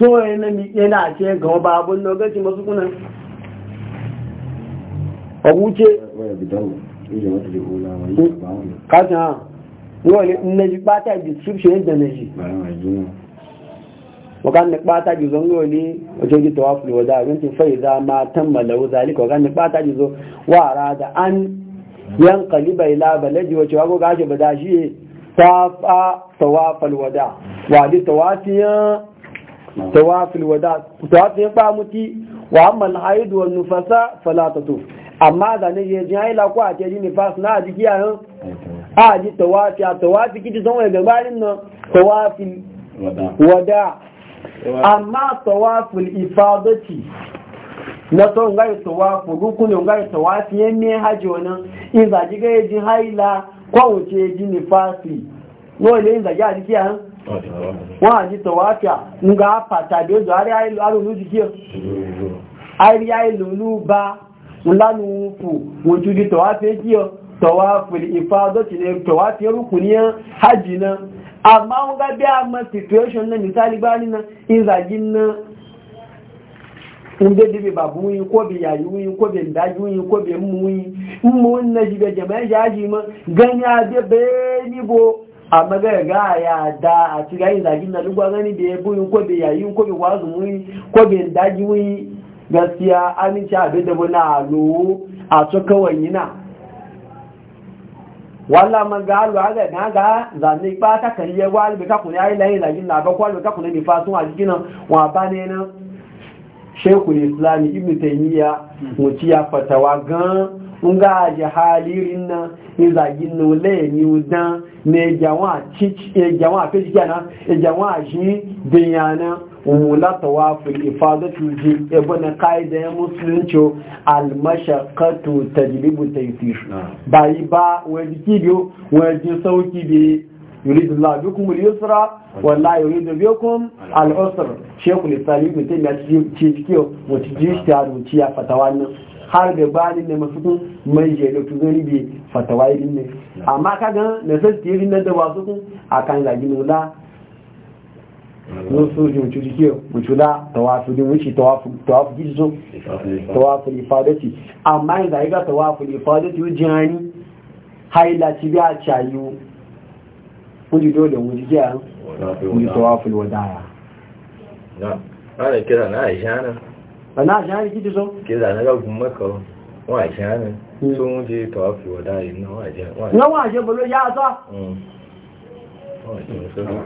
so yana ce ga babun lokacin masu kunan a wuce katin ha wani na ji bata description yadda na ji wakan da bata ji zon gole wajen ji tawafuli wa zagancin fai za ma tan, wa zalika wakan da bata ji zo wara da an yan kalibai ji wace wago gashi ba da shi ta fa tawafal wada wadi tawafiyan tawafil wada tawafil ba muti wa amman haidu wan nufasa fala tatuf amma da ne je jin haila ko a ce ni nifas na jiki a a ji tawafi a tawafi kiti son ga gabarin nan tawafil wada amma tawafil ifadati na son ngai tawafu rukunin ngai tawafi yan ne haji wannan in zaji ga jin haila ko wuce jin nifasi no le in zaji a jiki a wọ́n àti tọ̀wọ́fíà ń ga pàtàkì ojú àrí àìlú jù kí ọ àrí àìlú ló bá ńlánú fò wọ́n jù di tọ̀wọ́fíà kí ọ tọ̀wọ́fíà ìfà ọdọ́tìlẹ̀ tọ̀wọ́fíà rúkùn ní hajj náà àmá wọ́n gá bí situation náà nínú ìzàjí náà babu yi ko yayi yi ko bai daji yi ko bai mu yi in mu wannan jibe jama'a ya ji ma ganya ni a gaa ya da a ci gayi na lugwa gani da ya buyin ko bai yayi ko bai wazu muni ko bai daji muni gaskiya aminci abin da muna lowo a su kawai yina wala man ga alu aga na ga zane ba ta kan ye wa albe ka kun layi zagin na ba ko albe ka kun ne fasun a jikin wa ba ne islam ibnu taymiya hmm. mutiya fatawa nga aje halirin nan izagin na wule ni dan na ejawa a fi na ejawa a shi binyana umula tawaful ifadatu ji ebe na ka'ida ya musulunci almashakatu tajlibu tayfir bayi ba wani kibiyo wani sauki biyu يريد الله بكم اليسرى والله يريد بكم العسر شيخ الإسلام يقول تيجي تيجي تيجي وتجيش تعالوا تيجي har da bani da masu mai jelo tu gani bi fatawa irin ne amma kaga na sasti irin nan da wasu kun akan zagi nula no sojin ciki mutula tawafu din wuce tawafu tawafu gizo tawafu ifadati amma in zai ga tawafu ifadati wujani haila ci biya chayu kuji dole wuji ya wuji tawafu wadaya na ana kira na aisha na bana a shahari kiti so? ke zane ga gun maka wa a shahari so wọ́n je tawafi wa dari na wa je na wa je bolo ya sa?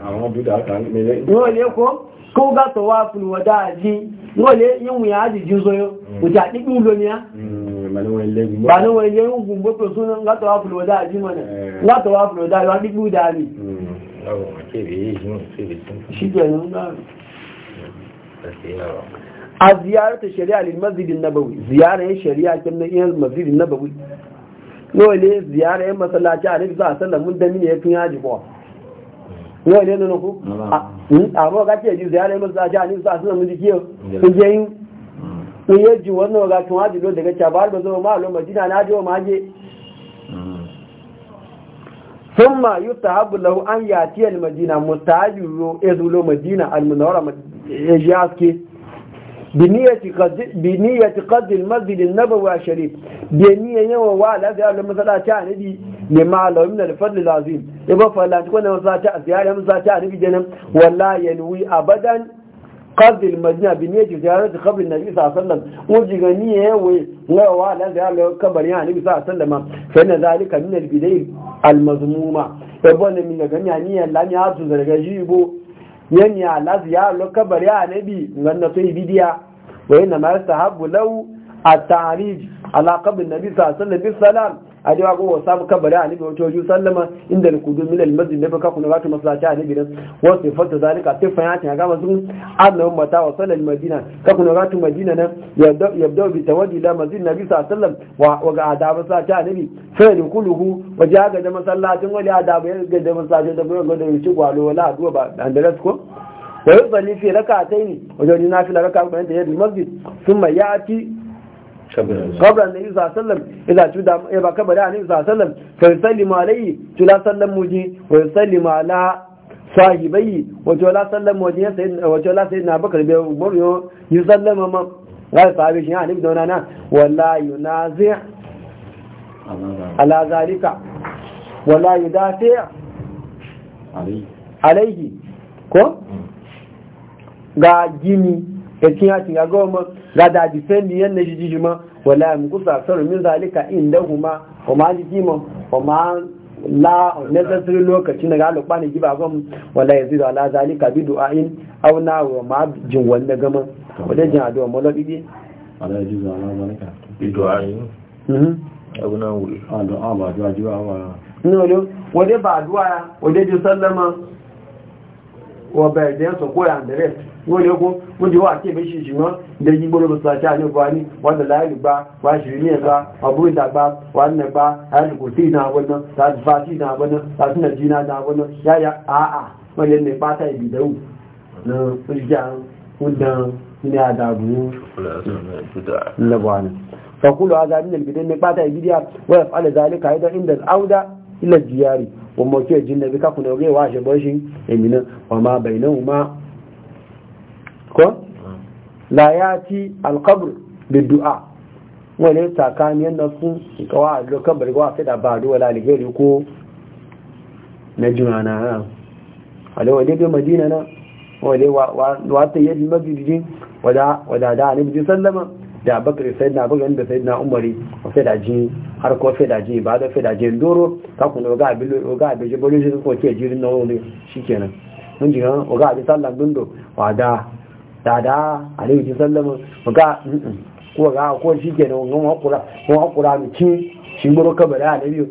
àwọn bídá ta ní wọ́n lè kó kó gá tawafi wa dari wọ́n lè yíwùn ya ajì jí hmm. òjì hmm, àdíkù eh. hmm. ló ní á bà ní a ta shari'a lil mazidin nabawi ziyarar shari'a kin na yin mazidin nabawi nawa ne ziyarar yin masallaci a nabi sallallahu alaihi mun dami ne yakin yaji kowa nawa ne nan ku a ba ga ce ziyarar yin masallaci a nabi sallallahu alaihi wasallam mun hmm, sun je yin kun hmm. ji wannan ga tun haji daga tabar ba zo ma lo madina na je ma je ثم يتهب له أن يأتي المدينة مستعجل يزول مدينة ya ji haske biniyati qaddil masjid an-nabawi al-sharif bi niyya yawa wa la ziyara masallaci annabi ne ma law min al-fadl al-azim ibo falanci ko masallaci ziyara masallaci annabi jenan wala yanwi abadan qaddil madina bi niyyati ziyarati qabr an-nabi sallallahu alaihi wasallam uji ga niyya yawa la wa la ziyara kabari annabi sallallahu alaihi wasallam fa inna zalika min al-bidayl al-mazmuma ibo ne min yan ya lazu ya lo kabari a nabi wannan sai bidiya wa yana ma yastahabu lau a tarij ala qabr nabi sallallahu alaihi wasallam adewa go sabu kabara ani wato toju sallama inda al kudu min al masjid ka baka kuna gatu masallaci ani gidan wa sifatu zalika sifa ya ta ga masu annabi mata wa sallal madina ka kuna wato madina nan yabda yabda bi tawaddi la masjid nabi sallallahu alaihi wasallam wa ga adaba sallaci ani fa kuluhu wa ga da masallacin wali adaba ya ga da masallacin da ga da yuci gwalo wala addu'a ba andalas ko wa yusalli fi rak'atayn wa jani nafila rak'a ya da yadi masjid thumma ya'ti قبل النبي صلى الله عليه وسلم إذا تدع إبا كبر عليه صلى الله عليه وسلم فيسلم عليه تلا سلم مجي ويسلم على صاحبي وتلا سلم مجي سيدنا وتلا سيدنا بكر بمر يسلم ما قال صاحبي يعني بدون أنا ولا ينازع على ذلك ولا يدافع عليه عليه كو ga gini yakin ya shiga ga wama ga da difendi yan na jijiji ma wala ya muku sasar min zalika inda kuma wa ma jiki ma wa ma la necessary lokaci na galo kwani giba ga mu wala ya zira ala zalika bi du'ain aw na wa ma jin wanda gama wanda jin addu'a mu labi ala ya zira ala zalika bi du'ain mhm aw na wa addu'a ba addu'a jiwa wa no ba ji sallama wa da ko ya wani ko wanda yawa ke bai shi ma da yi gbolo ba sace a nufa ni wanda layani ba wa shiri ne ba abu da ba wannan ba a yi kurti na wannan ta ji na wannan jina na wannan ya a'a wani ne ba ta yi na kurja wanda ne a dabu labanin fakulu a da ne ba ta yi bidiya zalika inda auda ila jiyari mawakiyar jin da bi kakuna wa shi bashin eminan wa ma kon la yati alqabr bidu'a wani tsakani yanda su kawa da kabar wa sai da ba duwa wala ko na juna na alo wale ga madina na wale wata wa ta yi masjidin wada wada da annabi sallama da bakar na bugan da na umari sai da ji har ko sai da ji ba da sai da ji doro ka kun ga abin ga abin jibolin ko ke jirin na wani shikenan mun jiran oga ga abin sallan dundo wada tsada alaihi ji sallama ga ko ga ko shi ke da wannan hakura ko hakura mu ci shi goro kabari a nabi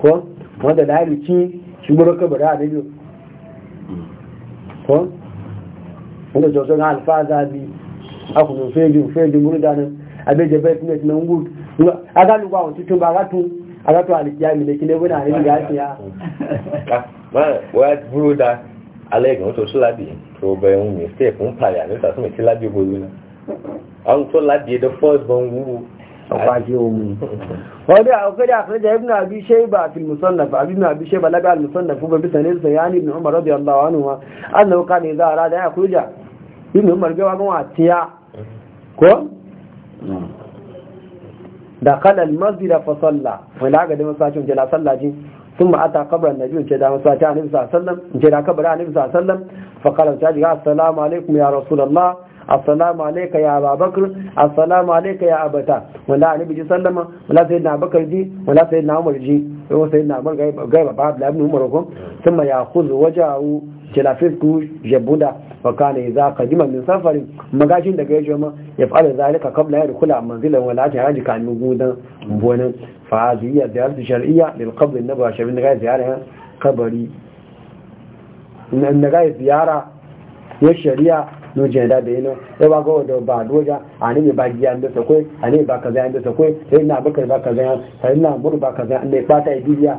ko wanda da yi ci shi goro kabari a nabi ko wanda jojo ga alfaza bi aku no feju feju guru dana abe je bet net na ngut aga lu ba tun ba ga tun aga to alikiyami ne kile bana ne ga ya ba wa buru da alaikum to sulabi sobe un mistake un paya ne ta sun ci labi bolu an to labi da first ban wu akwaji omi wadda a kada akwai da ibn abi shayba fil musannaf abi ibn abi shayba laga al musannaf ba bisa ne sayani ibn umar radiyallahu anhu annahu kana idza arada ya kuja ibn umar ga wagan watiya ko da ko al masjid fa salla wala ga da masallacin jala sallaji ثم أتى قبر النبي جدا وصلاة ce da صلى الله عليه وسلم جدا قبر da النبي صلى الله عليه وسلم فقال السلام عليكم يا رسول الله assalamu alaika ya babakar, assalamu alaika ya abata wala annabi ji sallama wala sayyidina abakar ji wala sayyidina umar ji wala sayyidina umar gaiba ba Babu ibn umar ko thumma ya'khudhu wajahu jilafisku jabuda wa za ka qadima min safarin magashin daga yaje ma ya fa'ala zalika qabla ya dukula manzilan wala ta haji kan gudan فهذه هي الزيارة الشرعية للقبر النبوي الشريف النجاية زيارة قبري gaya زيارة ya shari'a nujin da da yana ya ba ga wadda ba doja a ne mai ba giya da sakwai a ne ba kaza da sakwai sai na bakar ba kaza sai na mur ba ne fata ibiya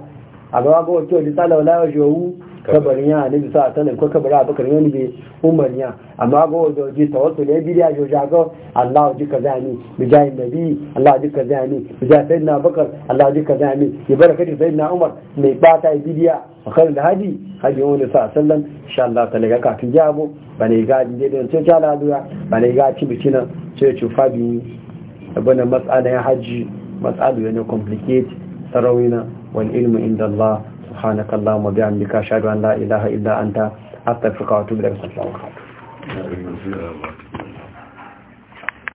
a gaba ga wato da tsala wala ya jowu kabarin ya ne bisa sanin ko kabara abakar ne bi umar ya amma ga wato ji tawassul ya bidiya jo jago Allah ji kaza ni bijai nabi Allah ji kaza ni bijai sayyidina abakar Allah ji kaza ni bi barakati sayyidina umar mai bata bidiya akan da hadi hadi wani sa sallan insha Allah ta daga kafin jabo ba bane ga dai don ce ta laduya bane ga ci bicina ce ce fabi abana mas'ala ya haji mas'alu ya ne complicated sarawina والعلم عند الله سبحانك اللهم وبحمدك أشهد أن لا إله إلا أنت أستغفرك وأتوب إليك